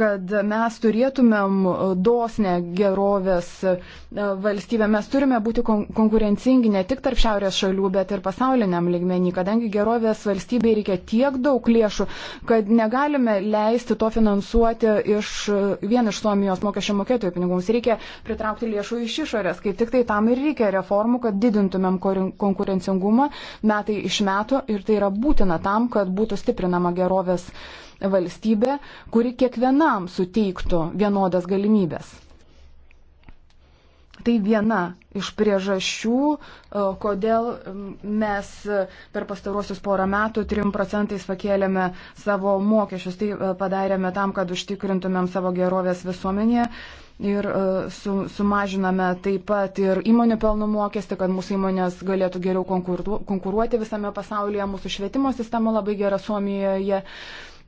kad mes turėtumėm dosnę gerovės e, valstybę. Mes turime būti konkurencingi ne tik tarp šiaurės šalių, bet ir pasauliniam ligmenį, kadangi gerovės valstybei reikia tiek daug lėšų, kad negalime leisti to finansuoti iš vien iš Suomijos mokesčio mokėtojų pinigų. Mums reikia pritraukti lėšų iš išorės. Kaip tik tai tam ir reikia reformų, kad didintumėm konkurencingumą metai iš metų ir tai yra būtina tam, kad būtų stiprinama gerovės valstybė valstybę, kuri kiekvienam suteiktų vienodas galimybės. Tai viena iš priežasčių, e, kodėl mes e, per pastaruosius porą metų 3 procentais pakėlėme savo mokesčius. Tai e, padarėme tam, kad užtikrintumėm savo gerovės visuomenėje ir su, sumažiname taip pat ir įmonių pelnų mokestį, kad mūsų įmonės galėtų geriau konkuruoti visame pasaulyje. Mūsų švietimo sistema labai gera Suomijoje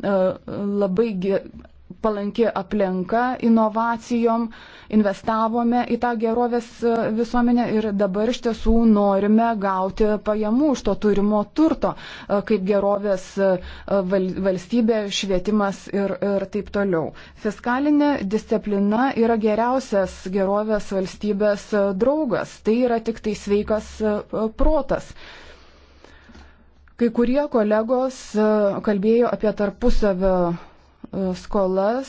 E, labai palanki aplinka inovacijom, investavome į tą gerovės e, visuomenę ir dabar iš tiesų norime gauti pajamų už to turimo turto, e, kaip gerovės valstybė, švietimas ir, ir taip toliau. Fiskalinė disciplina yra geriausias gerovės valstybės draugas, tai yra tik tai sveikas protas. Kai kurie kolegos e, kalbėjo apie tarpusavio e, skolas,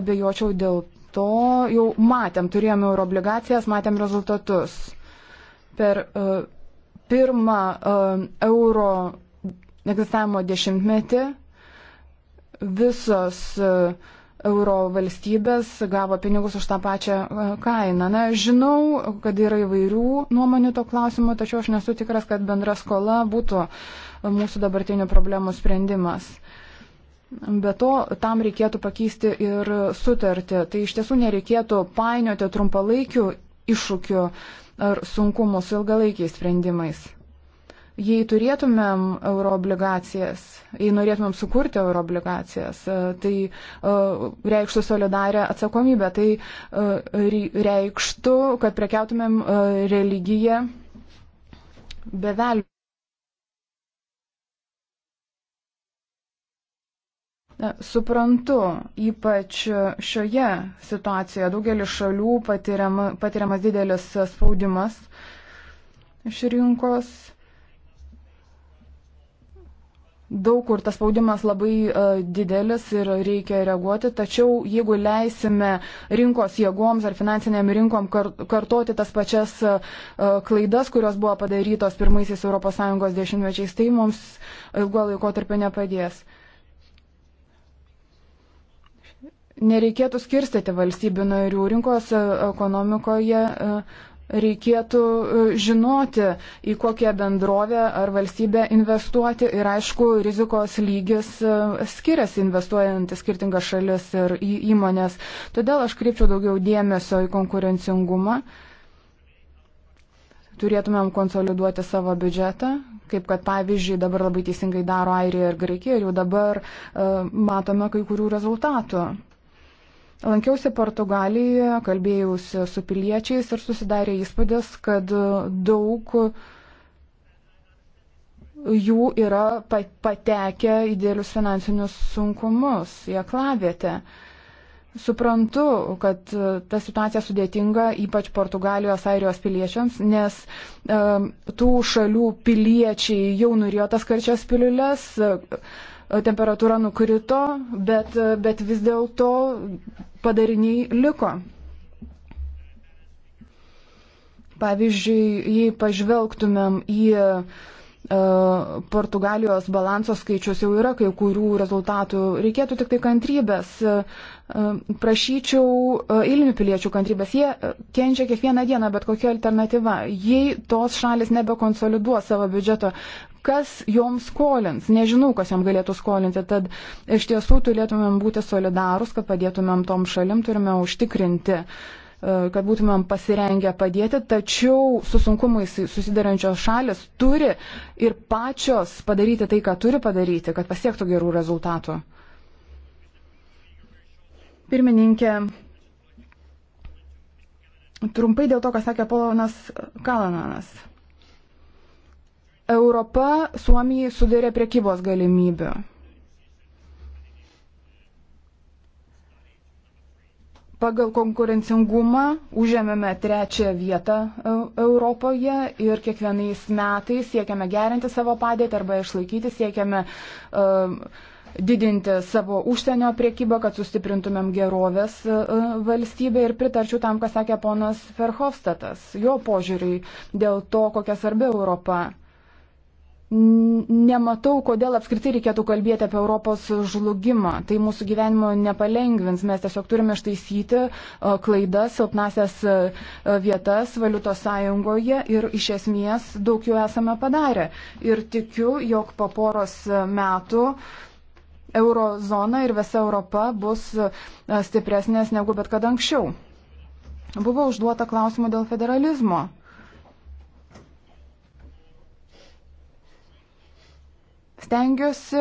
abejočiau dėl to, jau matėm, turėjom euroobligacijas, matėm rezultatus. Per uh, pirmą uh, euro egzistavimo dešimtmetį visos uh, euro valstybės gavo pinigus už tą pačią e, kainą. Na, žinau, kad yra įvairių nuomonių to klausimu, tačiau aš nesu tikras, kad bendra skola būtų mūsų dabartinių problemų sprendimas. Be to, tam reikėtų pakeisti ir sutartį. Tai iš tiesų nereikėtų painioti trumpalaikių iššūkių ar sunkumų su ilgalaikiais sprendimais jei turėtumėm euroobligacijas, jei norėtumėm sukurti euroobligacijas, e, tai e, reikštų solidarę atsakomybę, tai e, reikštų, kad prekiautumėm religiją bevelgių. Suprantu, ypač šioje situacijoje daugelis šalių patiriama, patiriamas didelis spaudimas iš rinkos Daug kur tas spaudimas labai uh, didelis ir reikia reaguoti, tačiau jeigu leisime rinkos jėgoms ar finansiniam rinkom kar kartoti tas pačias uh, klaidas, kurios buvo padarytos pirmaisiais ES dešimtmečiais, tai mums ilgo laiko tarp nepadės. Nereikėtų skirstyti valstybių narių rinkos ekonomikoje. Uh, reikėtų e, žinoti, į kokią bendrovę ar valstybę investuoti ir aišku, rizikos lygis e, skiriasi investuojant į skirtingas šalis ir į įmonės. Todėl aš kreipčiau daugiau dėmesio į konkurencingumą. Turėtumėm konsoliduoti savo biudžetą, kaip kad pavyzdžiui dabar labai teisingai daro Airija ir Graikija ir jau dabar uh, matome kai kurių rezultatų. Lankiausi Portugalijoje, kalbėjausi su piliečiais ir susidarė įspūdis, kad daug jų yra patekę į dėlius finansinius sunkumus, į aklavietę. Suprantu, kad e, ta situacija sudėtinga, ypač Portugalijos, Airijos piliečiams, nes e, tų šalių piliečiai jau nurijo tas karčias piliulės. E, E, temperatūra nukrito, bet, e, bet vis dėlto padariniai liko. Pavyzdžiui, jei pažvelgtumėm į e, Portugalijos balanso skaičius jau yra kai kurių rezultatų. Reikėtų tik tai kantrybės. Prašyčiau ilmių piliečių kantrybės. Jie kenčia kiekvieną dieną, bet kokia alternatyva. Jei tos šalis nebekonsoliduos savo biudžeto, kas joms skolins. Nežinau, kas jom galėtų skolinti. Tad iš tiesų turėtumėm būti solidarūs, kad padėtumėm tom šalim, turime užtikrinti e, kad būtumėm pasirengę padėti, tačiau su sunkumais susidarančios šalis turi ir pačios padaryti tai, ką turi padaryti, kad pasiektų gerų rezultatų. Pirmininkė, trumpai dėl to, ką sakė ponas Kalananas. Europa Suomijai sudarė priekybos galimybių. Pagal konkurencingumą užėmėme trečią vietą Europoje ir kiekvienais metais siekiame gerinti savo padėtį arba išlaikyti, siekiame uh, didinti savo užsienio priekybą, kad sustiprintumėm gerovės e, e, valstybę ir pritarčiau tam, ką sakė ponas Ferhofstatas, jo požiūriai dėl to, kokia svarbi Europa nematau, kodėl apskritai reikėtų kalbėti apie Europos žlugimą. Tai mūsų gyvenimo nepalengvins. Mes tiesiog turime ištaisyti klaidas, silpnasias vietas valiutos sąjungoje ir iš esmės daug jų esame padarę. Ir tikiu, jog po poros metų eurozona ir visa Europa bus stipresnės negu bet kada anksčiau. Buvo užduota klausimų dėl federalizmo. Stengiuosi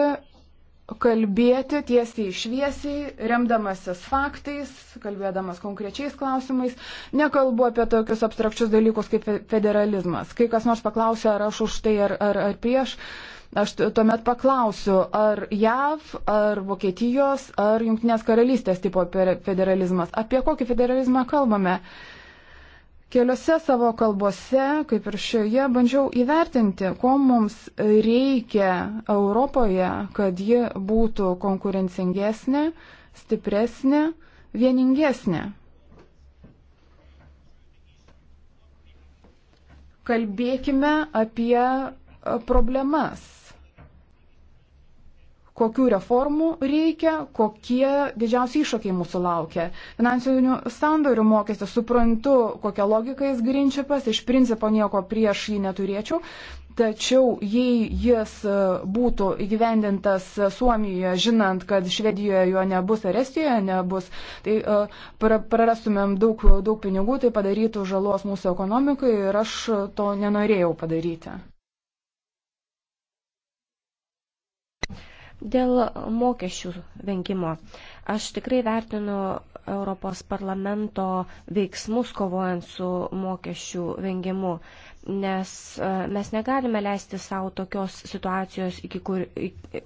kalbėti tiesiai išviesiai, remdamasis faktais, kalbėdamas konkrečiais klausimais. Nekalbu apie tokius abstrakčius dalykus kaip federalizmas. Kai kas nors paklausė, ar aš už tai, ar, ar, ar prieš, aš tuomet paklausiu, ar JAV, ar Vokietijos, ar Junktinės karalystės tipo federalizmas. Apie kokį federalizmą kalbame? Uh, Keliose savo kalbose, kaip ir šioje, bandžiau įvertinti, ko mums reikia Europoje, kad ji būtų konkurencingesnė, stipresnė, vieningesnė. Kalbėkime apie problemas kokių reformų reikia, kokie didžiausi iššūkiai mūsų laukia. Finansinių sandorių mokestis, suprantu, kokią logiką jis grinčiapas, iš principo nieko prieš jį neturėčiau, Tačiau jei jis būtų įgyvendintas Suomijoje, žinant, kad Švedijoje jo nebus ar Estijoje nebus, tai e, prarastumėm daug, daug pinigų, tai padarytų žalos mūsų ekonomikai ir aš to nenorėjau padaryti. Dėl mokesčių vengimo. Aš tikrai vertinu Europos parlamento veiksmus kovojant su mokesčių vengimu, nes e, mes negalime leisti savo tokios situacijos, iki kur,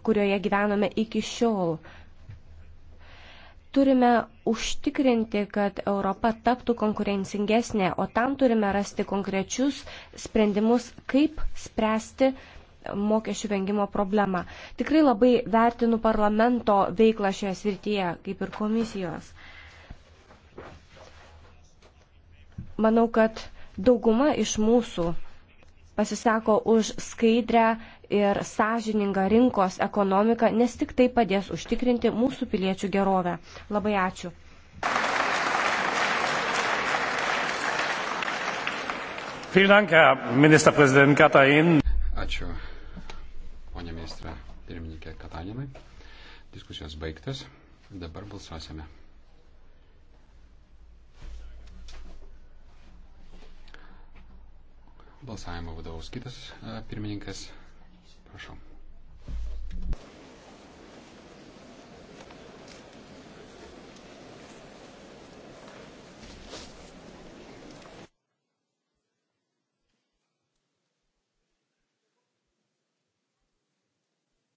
kurioje gyvename iki šiol. Turime užtikrinti, kad Europa taptų konkurencingesnė, o tam turime rasti konkrečius sprendimus, kaip spręsti uh, mokesčių vengimo problemą. Tikrai labai vertinu parlamento veiklą šioje srityje, kaip ir komisijos. Manau, kad dauguma iš mūsų pasisako už skaidrę ir sąžiningą rinkos ekonomiką, nes tik tai padės užtikrinti mūsų piliečių gerovę. Labai ačiū. Vielen Dank, Herr Ministerpräsident Katainen. Ačiū ponė ministra pirmininkė Katalinai. Diskusijos baigtas. Dabar balsuosime. Balsavimo vadovas kitas e, pirmininkas. Prašau.